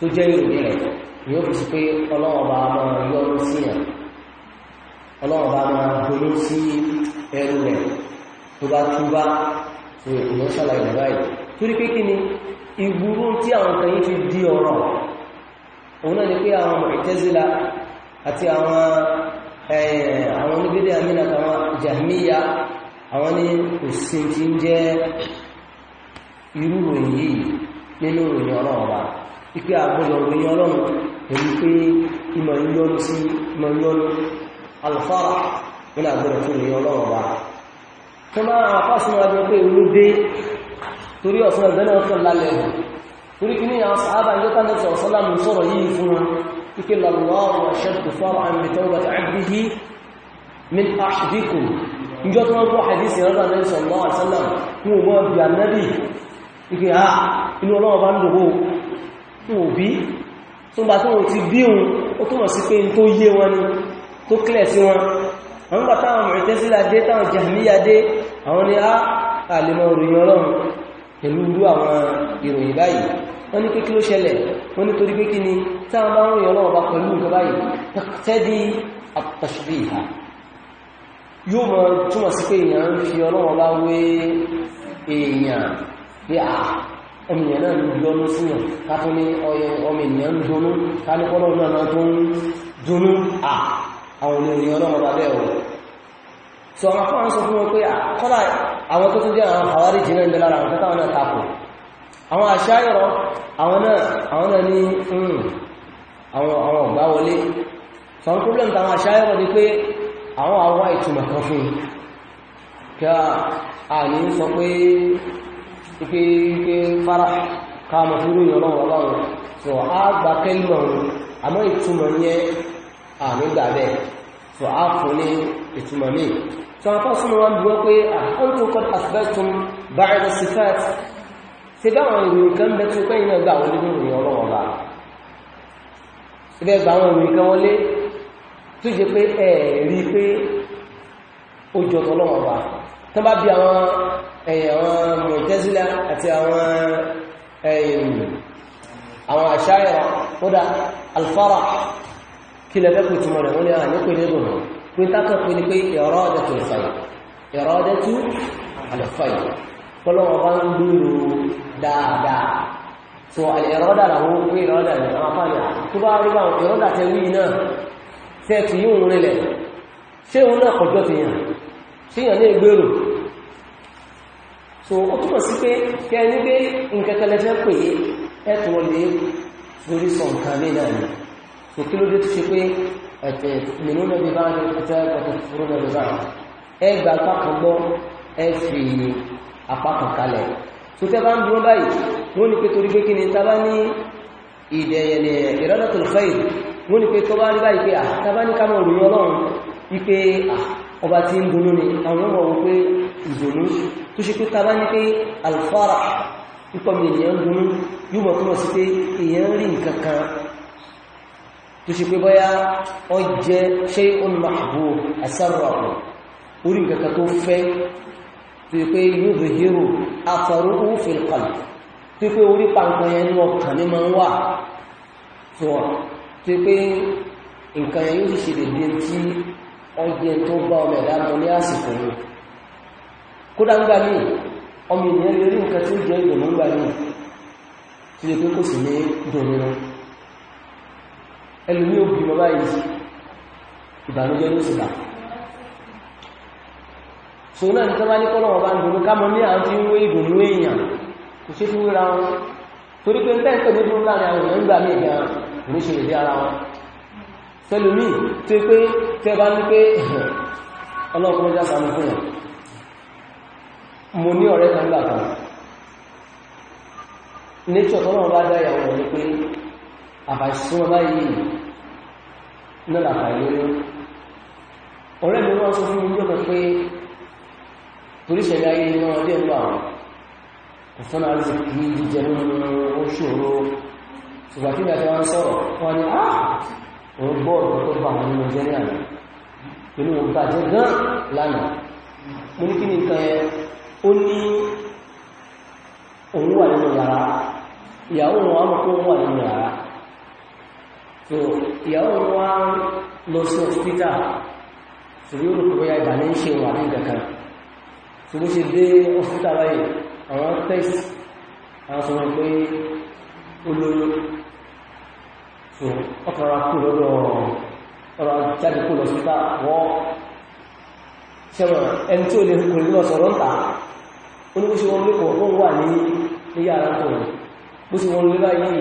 tó jẹ́ pé kí ni ìgbúrú tí àwọn kan fi di ọ̀rọ̀ òun náà ni pé àwọn Mu'tazila àti àwọn àwọn oníbídé àmìnà àwọn Jahmiya àwọn ní òsìn tí ń jẹ́ irú yìí nínú ròyìn ọlọ́run wa ipe alfara nínú àgbọ̀dọ̀ fún ròyìn torí ọ̀sán ẹ̀gbẹ́ náà kàn lálẹ́ ẹ̀hùn torí kí ní àwọn sàábà ń jọta lẹ́sọ̀ ọ̀sánlámù sọ̀rọ̀ yìí fún wọn ike lallahu ashaddu far'an bi tawbati 'abdihi min ahdikum ìjọ tó wọ́n kó hadisi rọ́dà lẹ́sọ̀ lọ́wọ́ àṣálàm fún ọmọ ọbì ànábì ike ha ah, inú ọlọ́wọ́ bá ń dòwó fún òbí tó bá tó ti kílẹ̀ sí wọn àwọn bàtà àwọn Mu'tazila dé táwọn Jahmiya dé àwọn ni ah, a àlèmọ̀ òròyìn ọlọ́run pẹ̀lú irú àwọn ìròyìn báyìí wọ́n ní kékeré ṣẹlẹ̀ wọ́n ní torí pé kí ni táwọn bá ń ròyìn ọlọ́wọ́ bá pẹ̀lú nǹkan báyìí tẹ́dí àtàṣìbí ìhà yóò mọ túmọ̀ sí pé èèyàn ń fi ọlọ́wọ́ bá wé èèyàn pé à ọmọ ènìyàn náà ń dúnú síyàn látún ní ọmọ ènìyàn ń dúnú so àwọn afọ́n sọ fún wọn pé ah, kọ́lá àwọn tó tún jẹ́ àwọn àwárí jìnà ìbẹ̀ lára àwọn tẹ́tàwọn náà tapò àwọn àṣà ìrọ̀ àwọn náà ní hmm, àwọn ọ̀gbá wọlé so problem tàwọn àṣà ìrọ̀ ni pé àwọn àwọ́ ìtumọ̀ kan fún kí a ní sọ pé ike ike fara ká mọ̀ fún ìròyìn ọlọ́run ọlọ́run so a gba kẹ́lú ọ̀run àmọ́ ìtumọ̀ yẹn àmì gbà bẹ́ẹ̀ so a fún ní ìtumọ̀ míì sọ̀rọ̀ fásitì wọn bí wọ́n pé àkọ́ntún kọ́ asbẹ́tún báyìí sífẹ́t ti bá àwọn ìròyìn kan bẹ tí ó pẹ́yìn náà gbà wọlé ní ìròyìn ọlọ́wọ́ bá ibẹ̀ gba àwọn ìròyìn kan wọlé tó ṣe pé ẹ rí pé ó jọ pé tákàn pé ni pé ìrọ́dẹ̀tù ìfàyè ìrọ́dẹ̀tù àlẹ́fàyè kọ́lọ́wọ́ bá ń gbúrò dáadáa so àlẹ́rọ́dà làwọn ń pè ìrọ́dà ní àwọn afáàlẹ́ ah, tó bá rí báwọn ìrọ́dà tẹ wí náà tẹ́ ti yóò rinlẹ̀ ṣé òun náà kọjọ́ ti yàn ṣé yàn ní ìgbèrò so ó túmọ̀ sí pé kẹ́ ní pé nkẹ́kẹ́lẹ́ fẹ́ pè é ẹ̀tùn wọlé lórí sọ nǹkan náà ni so kí ló dé tó ṣe pé أتؤمنون ببعض الكتاب وتكفرون ببعض ẹ gba apá kan gbọ́ ẹ fi apá kan kalẹ̀ tó tẹ́ bá ń dúró báyìí wọ́n ní pé torí pé kí ni tá bá ní ìdẹ̀yẹ̀lẹ̀ ìrọ́dọ̀tò fẹ́ì wọ́n ní pé tó bá rí báyìí pé tá bá ní ká mọ̀ òrùn ọlọ́run wípé ọba tí ń dunnú ni àwọn ọmọ wọn pé tó ṣe pé tá ní pé alfara pípọ̀ ènìyàn dunnú yóò mọ̀ túmọ̀ sí pé èèyàn rí nǹkan kan tó ṣe pé bọ́yá ọ jẹ́ ṣe olùmọ̀bù àṣàrọ̀ orí nǹkan tó fẹ́ tó pé yóò bè hero afọrú òfin kan tó pé orí pàǹkan yẹn ní ọkàn ní máa ń wà tó tó pé nǹkan yẹn yóò ṣe dédé tí ọ tó bá ọmọ ẹ̀dá mọ ní àsìkò yìí kódà ń ní ọmọ ènìyàn lórí nǹkan tó jẹ́ ìdùnnú ní tó pé kò sì ní dùn ẹlùmí òbí mọ́ báyìí ìbànújẹ́ ló sì bá so náà ní tọ́bá ní kọ́lọ̀wọ̀ bá ń dùnú ká mọ́ ní àwọn tí ń wé ìdùnú èèyàn kò ṣe fún ra wọn torí pé tẹ́ẹ̀tẹ̀ ló dúró láàrin àwọn èèyàn gbà mí gan ní ṣe lè ara wọn tẹ́lùmí tó pé tẹ́ bá ní pé ọlọ́kùnrin já sàmù fún yàn mo ní ọ̀rẹ́ kan gbà kan nature tọ́lọ́wọ́ bá dá ìyàwó rẹ̀ ní pé àbàṣìṣọ́ báyìí náà làfààní ní ọ̀rẹ́ mi wọ́n sọ fún mi lọ́nà pé toríṣẹ̀lẹ̀ ayé ni wọ́n dé lọ àwọn kò fún náà sì kí jíjẹ nínú ó ṣòro ṣùgbọ́n kí ni àti ni á ah! òun gbọ́ ọ̀rọ̀ tó bá wọn nínú jẹ́ ní àná pẹ̀lú òun bàjẹ́ gan lánàá mo tó ìyàwó wa lọ sí hospital ṣùgbọ́n olùkọ́ bóyá ìbà ní ṣe wà ní kankan ṣùgbọ́n ṣe dé hospital báyìí àwọn test àwọn sọ pé ó lóyún tó ọkọ̀ ara kú lọ́dọ̀ ọ̀rọ̀ jáde kú lọ sí ta wọ́n ṣẹ́wọ̀n ẹni tí ó lè kò lọ sọ̀rọ̀ ń ta ó ní bó ṣe wọ́n lé kọ̀ọ̀kan wà ní yàrá kan bó ṣe wọ́n lé báyìí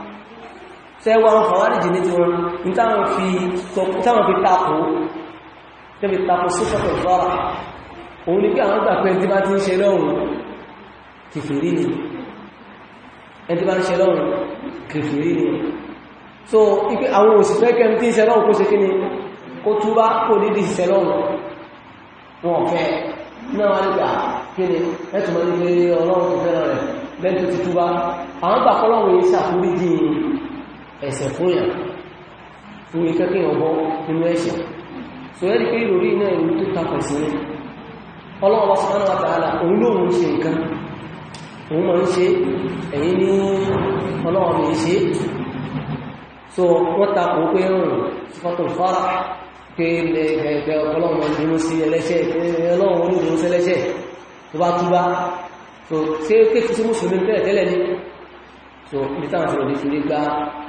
tẹ́wà ń fàwárìjì ní ti wọn ní táwọn fi tapò tẹ́bi tapò sífẹ́tọ̀ fara òun ni kí àwọn gbà pé ẹntí ti ń ṣe lọ́rùn kìfèrí ni ẹntí bá ń ṣe lọ́rùn kìfèrí ni so ipé àwọn òṣìṣẹ́ kẹm tí ń ṣe lọ́rùn kó ṣe kí ni kó túbá kó dídí ṣe lọ́rùn wọn fẹ́ ni ẹtùmọ́ nílé ọlọ́run ìfẹ́ràn rẹ̀ lẹ́tù ti túbá àwọn gbà kọ́lọ́run yìí ẹ̀sẹ̀ fún yà fún ikẹ́ kí ọgbọ́ inú ẹ̀ṣẹ̀ so ẹ́rì pé lórí iná ìlú tó tapọ̀ sí ní ọlọ́wọ́ sọ́nà àtàlà òun lóòrùn ṣe nǹkan òun ma ń so wọ́n tapọ̀ pé rùn fọ́tò fara pé ẹgbẹ́ ọlọ́wọ́ ìdúró sí ẹlẹ́ṣẹ̀ ọlọ́wọ́ onídúró sí ẹlẹ́ṣẹ̀ tó bá so ṣé kéfì sí mùsùlùmí tẹ́lẹ̀ so ibi táwọn sọ̀rọ̀ ní gbá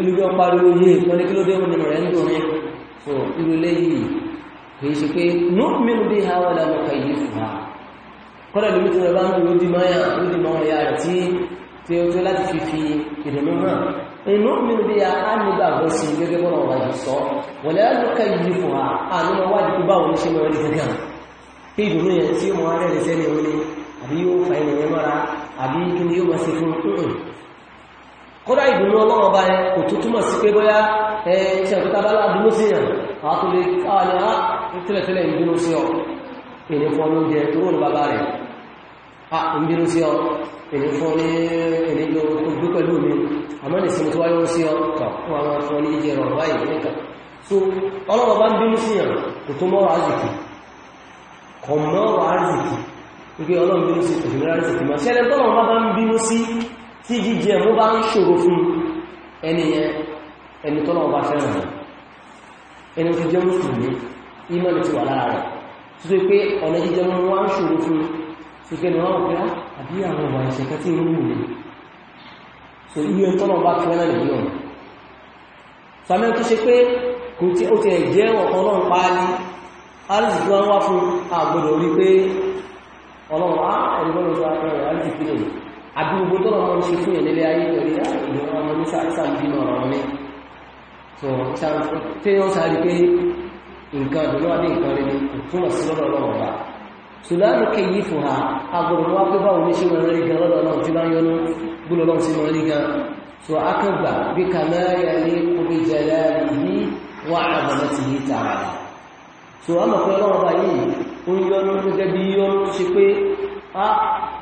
olùgbé ọpariwo yìí kan ní kí ló dé wọn nínú rẹ̀ ń dùn ní so irú léyìí kìí ṣe pé nùmínú bí ha wọ́n lọ́wọ́ ka yìí fún ha kọ́dà lórí tí wọ́n bá ń lò lódì máa yà lódì máa yà rẹ̀ tí tí ó tó láti fi fi ìdùnnú hàn inú nínú bí ha á ní gbàgbọ́ sí gẹ́gẹ́ bọ́n ọ̀rọ̀ àjò sọ wọ́n lọ́wọ́ ka yìí fún ha àmì wọn wá dìbò báwọn ṣe máa rí kódà ìdùnnú ọlọ́run ọba yẹn kò tó túmọ̀ sí pé bóyá ẹ ṣe àkótá bá ládùúgbò sí yàn àwọn tó lè káwà ní á tẹ́lẹ̀tẹ́lẹ̀ ń bínú sí ọ ìní fún ọmọ oúnjẹ tó rò ní bàbá rẹ̀ a ah, ń bínú sí ọ ìní fún ní ìní ló gbé pẹ̀lú mi àmọ́ ní sinmi tó wáyé sí ọ tọ̀ fún àwọn fún ní jíjẹ rọrùn báyìí nìkan tí jíjẹ mú bá ń ṣòro fún ẹniyẹn ẹni tọ́lọ̀ ọba fẹ́ràn rẹ̀ ẹni tó jẹ́ mùsùlùmí ìmọ̀ ni ti wà lára rẹ̀ tó tó pé ọ̀nà jíjẹ mú wá ń ṣòro fún ṣùgbọ́n ni wọ́n rò pé ah, àbí àwọn ọba ìṣẹ̀kẹ́ tí ń wù mí so irú ẹni tọ́lọ̀ ọba fẹ́ràn nìyí ọ̀nà sàmì tó ṣe pé kò tí ó ti ẹ̀jẹ́ ọ̀kan náà páálí alìsì tó wá fún àgbọ̀dọ̀ rí pé ọlọ́run á ah, àbí gbogbo tó lọ́mọ ń ṣe fún yẹn nílé ayé lórí ìwọ̀n ọmọ ní sàbímọ ọ̀rọ̀ mi tó téèyàn sáré pé nǹkan ìdùnnú àbí nǹkan rere kò túmọ̀ sí lọ́dọ̀ ọlọ́run ọba sùlámù kẹyì fún ha agbọ̀rọ̀ wá pé báwo ní ṣe máa rí gan lọ́dọ̀ ọlọ́run tí bá ń yọnu gbọ́dọ̀ ọlọ́run sí máa rí gan tó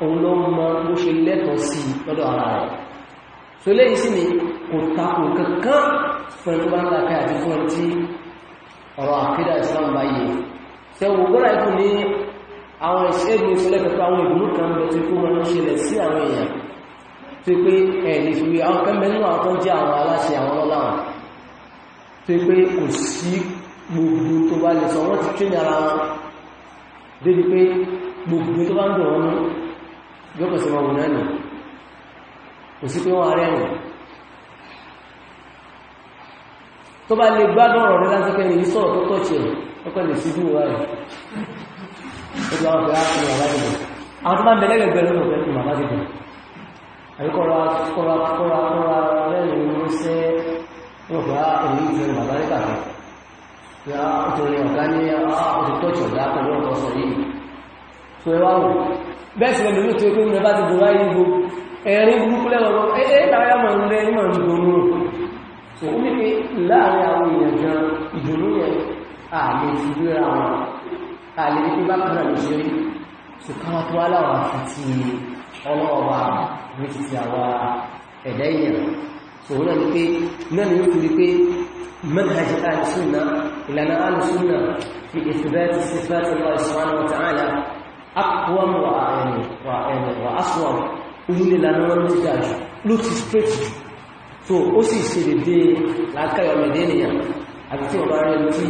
òun ló mọ bó ṣe lẹ́tọ̀ọ́ sí lọ́dọ̀ ara rẹ̀ so léyìí sí ni kò takò kankan fún ẹni bá àti fún ẹni tí ọ̀rọ̀ àkídà islam bá yẹ tẹwò gbọ́nà ikú ní àwọn ìṣẹ́gun ìṣẹ́lẹ̀ pẹ̀lú àwọn ìlú kan bẹ̀ tí kó mọ́ ní ṣẹlẹ̀ sí àwọn èèyàn tó pé ẹ̀lẹ́ fi wí àwọn kẹ́mẹ́ nínú àwọn tó jẹ́ àwọn aláṣẹ gbogbo tó bá ń dùn wọn yóò kọ̀ sí ọmọ náà nì kò sí pé wọ́n rẹ̀ nì tó bá lè gbádùn ọ̀rọ̀ rẹ̀ láti kẹ́ni yìí sọ̀rọ̀ tó tọ̀ọ̀tì ẹ̀ ọkọ̀ lè sí dùn wáyé ó ti àwọn ọ̀gá àti màmá dìbò àwọn tó bá ń bẹ lẹ́gbẹ̀ẹ́ lọ́nà ọ̀gá àti màmá dìbò àríkọ́ra kọ́ra kọ́ra kọ́ra lẹ́yìn ìrúnṣẹ́ ọ̀gá èyí ti rẹ̀ bàbá ìyá pẹ̀lú ọ̀tọ̀ sọ yìí tó ẹwà wò bẹ́ẹ̀ sì lẹ́nu tó kó ní bá ti dùn láyé igbó ẹ̀rin burúkú lẹ́wọ̀n ẹ̀ẹ́ láyá mọ̀ ń rẹ̀ ìmọ̀ ìdùnnú so ó ní pé láàrin àwọn èèyàn gan ìdùnnú yẹn ààlè ti ríra wọn ààlè ní pé bá kan náà ṣe rí náà ní pé ti rí pé منهج اهل السنه الى ان في اثبات صفات الله سبحانه وتعالى akwam wà ẹni wà ẹni wà aswam orílẹ̀-èdè lánàá ló ti dájú ló ti straight so ó sì ṣe dédé lákàyọ̀ mẹ́dé ènìyàn àti tí wọ́n bá rẹ̀ tí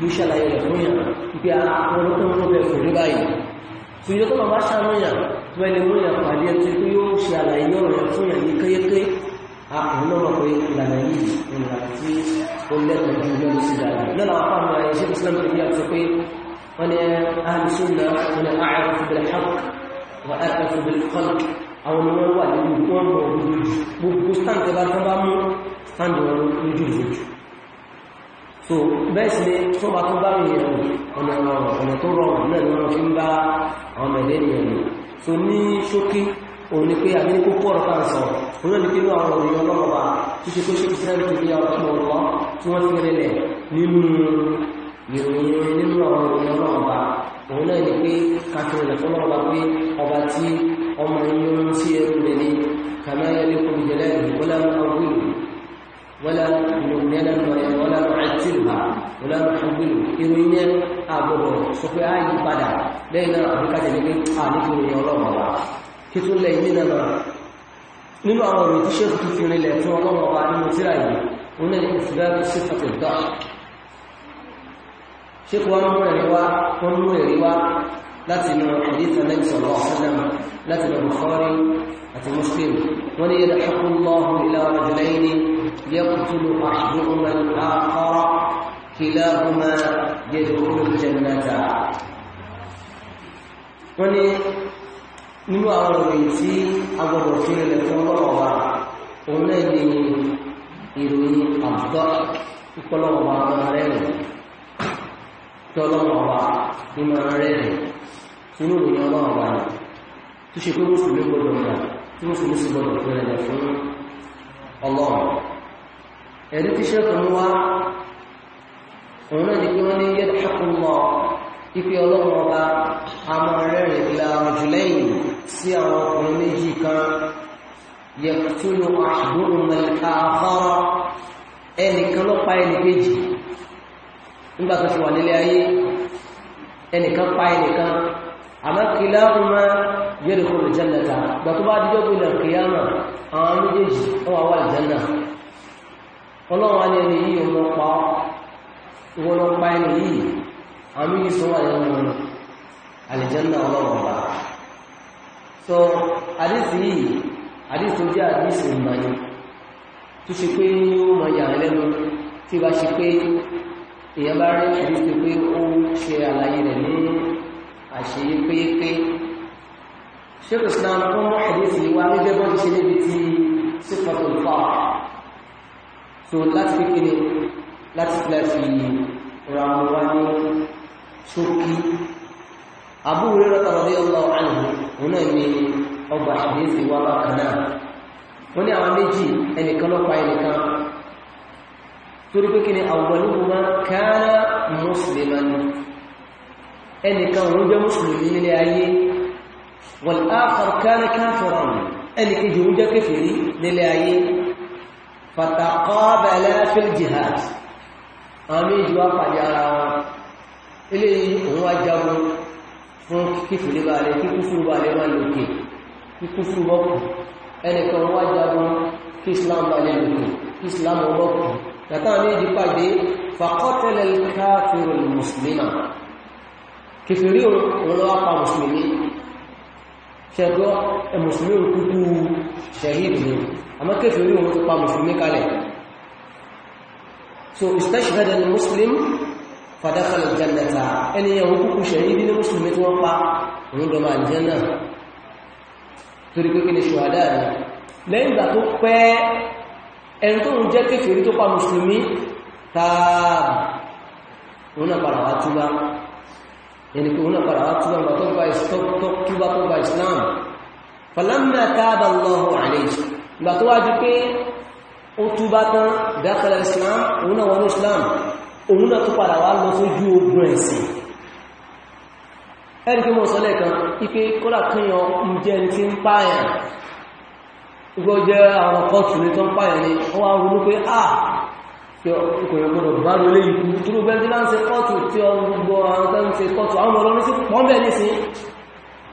ló ṣàlàyé rẹ̀ fún yàn pé ah, àwọn olókùn tó bẹ̀ kò rí báyìí so ìjọ tó bàbá ṣàánú yàn tó ẹni mú yàn pàdé ẹtí pé yóò ṣe àlàyé ọ̀rọ̀ yẹn fún yàn yékéyéké àwọn náà pé ìlànà yìí ìlànà tí ó lẹ́nu ju lẹ́nu sí وانا اهل السنه انا اعرف بالحق واعرف بالخلق او من هو الذي يقوم بستان كبار تمام ستان يجوز so bẹ́ẹ̀ sì ni tó bá tó bá mi yẹn ọ̀nà ọ̀nà tó rọrùn náà ni wọ́n fi ń bá ọmọ ẹ̀dẹ́ ènìyàn so ní ṣókí òun ni pé àbí ní kókó ọ̀rọ̀ kan sọ òun náà ni pé àwọn ọ̀rọ̀ ìyọ́n lọ́wọ́ bá tó ṣe pé ṣe kìí sẹ́rẹ̀ tó bí ọ̀rọ̀ tí wọ́n fi ìròyìn nínú àwọn ìròyìn ọlọ́run ọba òun náà ni pé kàkiri rẹ̀ fọlọ́run ọba pé ọba tí ọmọ yín sí ẹrú rẹ̀ ni kàmáyà lè kó ìjẹlẹ̀ ìlú wọlé ọgbọ́n ìlú wọlé ìlúmọ̀lẹ́nà lọ́yẹ̀ wọlé àtìlùmá wọlé ọgbọ́n ìlú ìròyìn yẹn àgbọ̀bọ̀ sọ pé á yí ní kí ìròyìn ọlọ́run ṣé kò wọ́n mú ẹ̀rí wá wọ́n mú ẹ̀rí wá láti inú hadith Ànábì sallallahu alaihi wasallam láti inú Bukhari àti Muslim wọ́n ní yadhaku Allahu ila rajulayni yaqtulu ahaduhuma al-akhara kilahuma yadkhulu al-jannata wọ́n ní nínú àwọn ìròyìn tí agbọ̀dọ̀ fi rẹ̀ fún òun náà ni ìròyìn àbúdọ́ ìpọlọ́wà ọmọ rẹ̀ rẹ̀ kí ọlọ́run ọba ní máa rẹ̀ rẹ̀ inú ìròyìn ọlọ́run ọba rẹ̀ tó ṣe pé mùsùlùmí gbọdọ̀ rẹ̀ tí mùsùlùmí sì gbọdọ̀ rẹ̀ rẹ̀ fún ọlọ́run ẹ̀rí tí ṣe kàn wá òun náà ni pé wọ́n ní yẹ́ ẹnìkan ló pa ẹnìkejì nígbà tó fi wà nílé ayé ẹnìkan pa ẹnìkan àmọ́ kìlá ọmọ yẹ́rìkọ́ ìjẹ́nàta gbà tó bá dídọ́ gbìnà kìyàmà àwọn méjèèjì wọ́n wà ìjẹ́nà ọlọ́run á ní ẹni yìí ọmọ pa ìwọ́n lọ pa ẹni yìí àwọn méjì sọ wà nínú àlìjẹ́nà ọlọ́run ọba so àdìsí yìí àdìsí tó jẹ́ àdìsí ìmọ̀ ni tó ṣe pé yóò mọ yàrá lẹ́nu tí bá ṣe pé èèyàn bá rí àdíṣe pé ó ṣe àlàyé rẹ̀ ní àṣeyé péépé ṣékù islam tó mú àdíṣe wá gẹ́gẹ́ bọ́ ti ṣe níbi tí sípàtò fà so láti kékeré láti láti ra mú wá ní ṣókí Abu Hurairah radiyallahu anhu òun náà ni ọgbà àdíṣe wá bákan náà wọ́n ní àwọn méjì ẹnìkan ló ẹnìkan torí pé kí ni àwọ̀lúgbùmá káàrà mùsùlùmí ẹnìkan òun jẹ́ mùsùlùmí nílé ayé wọ́n áfàr káàrà káàfàràn ẹnìkejì òun jẹ́ kèfèrí nílé ayé fàtàkọ́bẹ̀lẹ́ fil jihad àwọn méjì wá pàdé ara wọn ilé òun wá jagun fún kíkèfèrí balẹ̀ kíkúfúrú balẹ̀ wà lókè kíkúfúrú islam balẹ̀ yàtọ̀ méjì pàdé fàkọ́tẹ̀lẹ̀ káfíìrì mùsùlùmá kìfìrí òun lọ́wọ́ pa mùsùlùmí ṣẹ̀gbọ́ mùsùlùmí kúkú ṣẹ̀hìd ni àmọ́ kìfìrí òun ti pa mùsùlùmí kalẹ̀ so istashhada muslim fadakhala jannata ẹni ẹ̀hùn kúkú ṣẹ̀hìd ní mùsùlùmí tí wọ́n pa òun dọ̀mà àlìjẹ́nà torí pé kí lẹ́yìn ìgbà tó pẹ́ ẹni tó ń jẹ́ kéfèrí tó pa mùsùlùmí tààrà òun náà padà wá túbá ẹni pé òun náà islam falamma tábà Allahu alayhi ìgbà tó wájú pé ó túbá tán islam òun náà islam òun náà tó padà wá lọ sójú ogun ẹ̀sìn ẹni pé mo sọ lẹ́ẹ̀kan gbogbo jẹ́ àwọn kọ́tù ní tó ń pààyàn ní ọwá ronú pé à ìkòyàn gbọdọ̀ bá ló lé ikú tó ló bẹ́ẹ̀ tí bá ń ṣe kọ́tù tí ọgbọ̀ àwọn tó ń ṣe kọ́tù àwọn ọlọ́rin sí pọ́ńbẹ̀ nísìn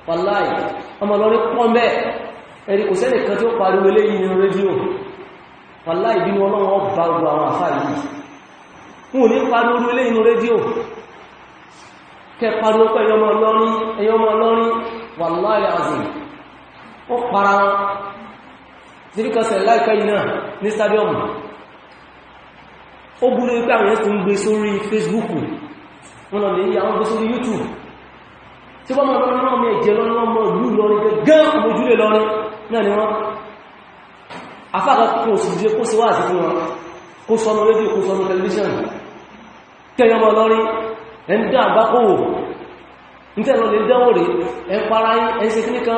wàláì ọmọ ọlọ́rin pọ́ńbẹ̀ ẹ̀rí kò sẹ́nì kan tí ó pariwo eléyìí nínú rédíò wàláì bí wọn náà bá gbogbo àwọn àfà yìí wọn ò ní pariwo eléyìí nínú rédíò kẹ pariwo pẹ̀lú ọmọ ọlọ́rin ẹ̀yọ́ ọmọ ọlọ́rin wàláì àzìn ó para síríkọ́sẹ̀ láìpẹ́ iná ní stadiumu ó búrú wípé àwọn ẹ̀sùn ń gbé sórí Facebook wọn lọ́nà èyí àwọn gbé sórí YouTube tí wọ́n mọ̀ lọ́nà ọmọ ẹ̀jẹ̀ lọ́nà ọmọ ìlú lọ́rin gẹ́gẹ́ ọmọjúlé lọ́rin náà ni wọ́n afáàkọ́ kò sì jẹ́ kó sí wà sí fún wọn kó sọnù rédíò kó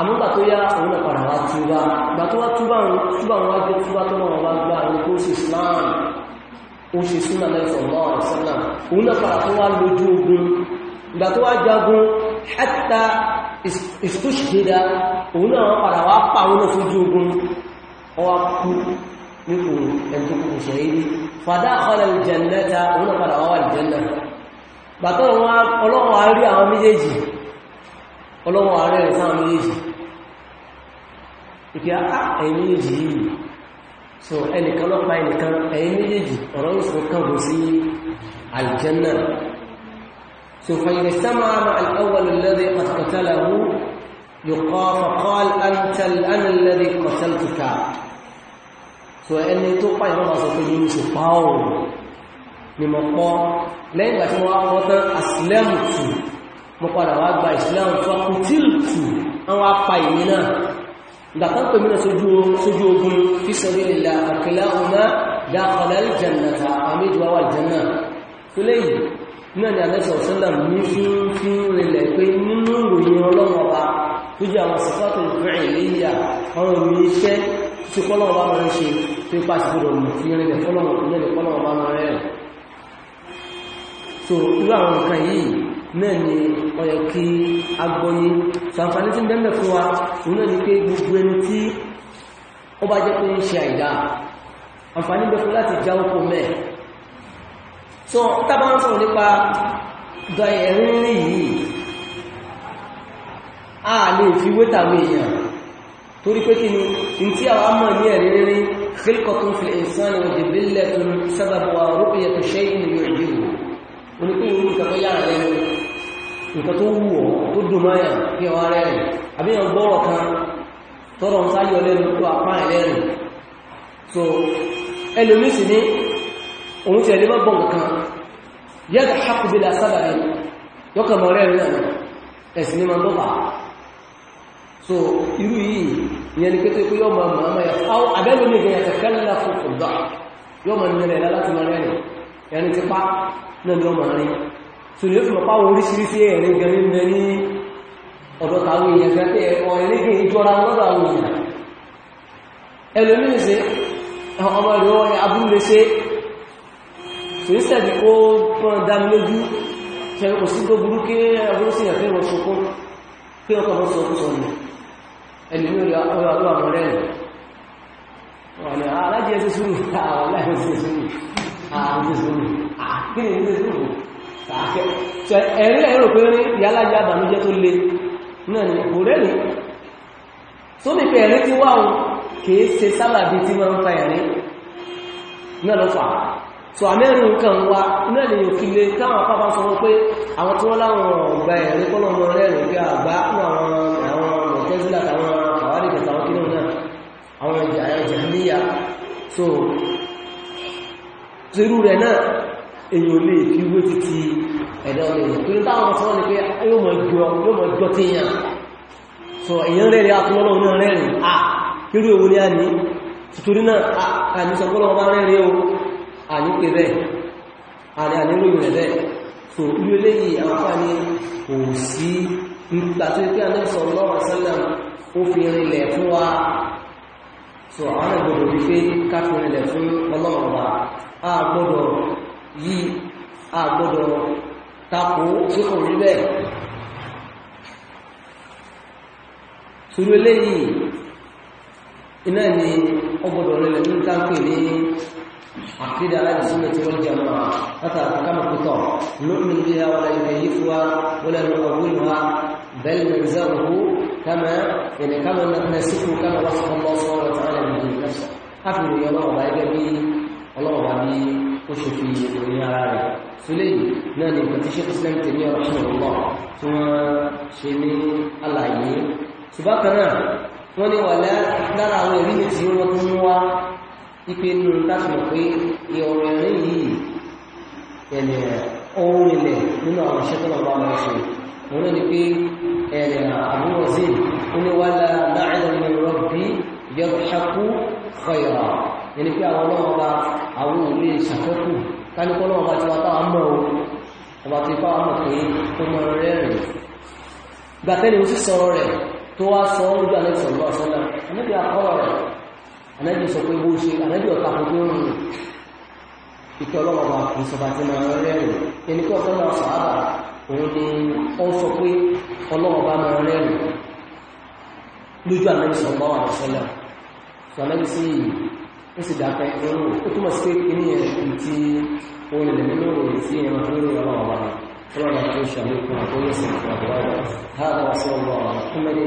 àmúgbà tó yá òun náà padà wá túbá gbà tó wá túbá òun túbá òun wá gbé túbá tó náà wá gbá òun kó ṣe islam ó ṣe súnà lẹ́sọ̀ lọ́rọ̀ sọ́nà òun náà padà tó wá lójú ogun hatta ìsúṣìdá òun náà padà wá pa òun náà fojú ogun ọwá kú nípò ẹ̀dùkù ṣẹ̀yí fàdá àkọlẹ̀ ìjẹ̀nẹ́ta òun náà padà wá wà ọlọ́wọ́ ààrẹ rẹ̀ sáà méjì ìpé ah, ẹ̀yìn méjì yìí so ẹnìkan lọ́pàá ẹnìkan ẹ̀yìn méjèèjì ọ̀rọ̀ ìṣòro kan bò sí aljanna so fàyẹ̀rẹ̀ sáàmà al'awwal alladhi qad qatalahu yuqafa qala anta ana alladhi so ẹni tó pàyẹ̀ wọ́n sọ pé yóò ṣe ni mọ̀ pọ́ lẹ́yìn ìgbà tí wọ́n á tán aslẹ́mù tù mo padà wá gba islam fakutìltù àwọn apá ìmì náà ìgbàkánpẹ̀ mìíràn sójú ogun fi sabilillah àkìlá ọ̀nà dakhala aljannata àmìjọwà aljanna tó lẹ́yìn náà ni alẹ́sọ̀ sọ́lá ní fífí rẹ̀lẹ̀ pé nínú ìròyìn ọlọ́run ọba tó jẹ́ àwọn sọ́fàtò ìfẹ́ẹ̀lẹ́yà àwọn ìròyìn iṣẹ́ tí kọ́lọ́run ọba máa ń ṣe tó pàṣẹ gbọdọ̀ so irú àwọn nǹkan yìí náà ni ọ̀yẹ̀ kí agbọ́yé sàǹfàní tí ń bẹ́m̀bẹ̀ fún wa òun náà ni pé gbogbo ẹni tí ó bá jẹ́ pé ń ṣe àìdá àǹfàní bẹ́ fún láti já oko mẹ́ so tábà ń sọ̀rọ̀ nípa gba ẹ̀rín yìí a lè fi wétàwé èèyàn torí pé kí ni tí àwọn mọ̀ ní ẹ̀rí rírí khilqatun fil insani nǹkan tó wù ọ́ tó dùn máyà kí ọ rẹ̀ rìn gbọ́rọ̀ kan tọ́rọ ń sáyọ lẹ́nu tó apá ẹ̀lẹ́rìn so ẹlòmí sì ní òun ti ẹ̀lẹ́mọ́ gbọ́n kan yẹ́gà hapubila sábàrí yọ́kànmọ́ rẹ̀ rìn àná ẹ̀sìn ní ma lọ́pàá so irú yìí ìyẹn ni pété pé yọ́ ma mọ̀ àmà yàtọ̀ àwọn abẹ́lómi ìgbẹ̀yà kẹkẹ́lá fún kùdọ̀ yọ́ ma nílẹ̀ láti ma rẹ̀ rìn ẹni ti pa ni tò ní ó fìmọ̀ páwọn oríṣiríṣi ẹ̀rin gan ní mẹ́ ní ọ̀dọ̀ tàwọn èèyàn gan pé ọ̀rẹ́ nígbè ìjọra lọ́dọ̀ àwọn èèyàn ẹlòmíì sí ọmọ rẹ̀ wọ́n abúlé ṣe tò ní sẹ́ẹ̀dì ó pọ́n dámi lójú ṣe kò sí tó burú kí abúlé sí ẹ̀fẹ́ wọn ṣokó pé àwọn ọmọ rẹ̀ ọ̀rẹ́ àwọn ah, aláìsẹ̀ sùúrù àwọn ṣe sùúrù àkíyèsí ah, sùúrù ah, ẹ̀rí ẹ̀rọ pé rí ìyálájá àbànújẹ́ tó le náà ni kò rẹ́rìn tó ní pé ẹ̀rí ti wá òun kìí ṣe sábàbí tí wọ́n ń fa ẹ̀rí náà lọ́fà so àmẹ́rin nǹkan wa náà ni òfin lè táwọn apábá sọ pé àwọn tí wọ́n láwọn ọ̀gbà ẹ̀rí kọ́nà ọmọ rẹ̀rìn bí àgbá àwọn mọ̀tẹ́sílà àwọn àwárí kẹta àwọn kìnnìún náà àwọn ìjà ìjà níyà so irú rẹ̀ náà èyí ò lè fi wé títí ẹ̀dá ọ̀rẹ́ torí táwọn sọ ní pé yóò mọ̀ jọ yóò mọ̀ jọ tí èèyàn sọ èèyàn rẹ̀ rí atúnlọ́lọ́ ní ọ̀rẹ́ rẹ̀ à kírú èwo ni a ní torí náà àní sọpọ́lọ́ ọba àní so irú eléyìí àǹfààní kò sí nígbà tó pé àní sọ lọ́wọ́ sẹ́lẹ̀ ó fi rinlẹ̀ fún wa so àwọn ìgbọ̀dọ̀ wípé ká fi rinlẹ̀ fún ọlọ́run wa a yìí a gbọ́dọ̀ takò tí kò rí bẹ́ẹ̀ torí eléyìí iná ni ọgbọ̀dọ̀ rẹ̀ ní táǹkì ní عقيدة أهل السنة والجماعة أثر كما القطار نؤمن بها ولا نكيفها ولا نؤولها بل نلزمه كما يعني كما نسكه كما وصف الله سبحانه وتعالى به نفسه أفهم يا الله بعد الله بعد ó ṣe fi ìròyìn ara rẹ̀ sílẹ̀ yìí náà ni nǹkan tí ṣe islam tẹ̀lé ọ̀rọ̀ ṣe ọ̀rọ̀ tí wọ́n ṣe ní àlàyé ṣùgbọ́n kan náà wọ́n ní wà lára àwọn ẹ̀rí tí wọ́n tún wá ipe nù láti mọ̀ pé ọ̀rọ̀ ẹ̀rí yìí ẹ̀lẹ̀ ohun ilẹ̀ nínú àwọn iṣẹ́ tó lọ́wọ́ máa ṣe wọ́n ní pé ẹ̀lẹ̀ àbúrò sí ó ní wà lára láàrín ọ̀rọ̀ bí yọ̀ọ̀ṣàkú khayra ẹni pé àwọn ọlọ́run bá àwọn òlé ìṣàkókò káníkọ́ náà bá ti wá táwọn mọ̀ o ọba ti bá wọn pé tó mọ rẹ́rìn gbàtẹ́ni ó sì sọ̀rọ̀ rẹ̀ tó wá sọ ojú àlẹ́bí sọ̀rọ̀ ọ̀sọ́lá àlẹ́bí akọ́rọ̀ rẹ̀ àlẹ́bí sọ pé bó ṣe àlẹ́bí ọ̀ta kò tó rìn ìkẹ́ ọlọ́run bá kì lójú àlẹ́bí sọ̀rọ̀ ọ̀sọ́lá sọ̀rọ̀ sí ó sì dákẹ́ ẹ̀rù ó túnmọ̀ sí pé ní ẹ̀rù tí ó lè nínú ìròyìn tí ẹ̀mà lórí ọ̀rọ̀ ọ̀rọ̀ فلما هذا رسول الله محمد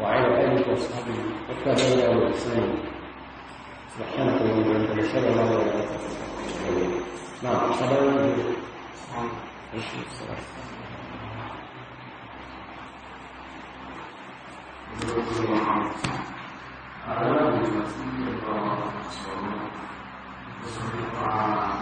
وعلى آله وصحبه والتابعين والإسلام سبحانك اللهم وبحمدك أشهد أن لا إله إلا أنت نعم سلام عليكم السلام Thank you. 阿拉会把呢个所所发。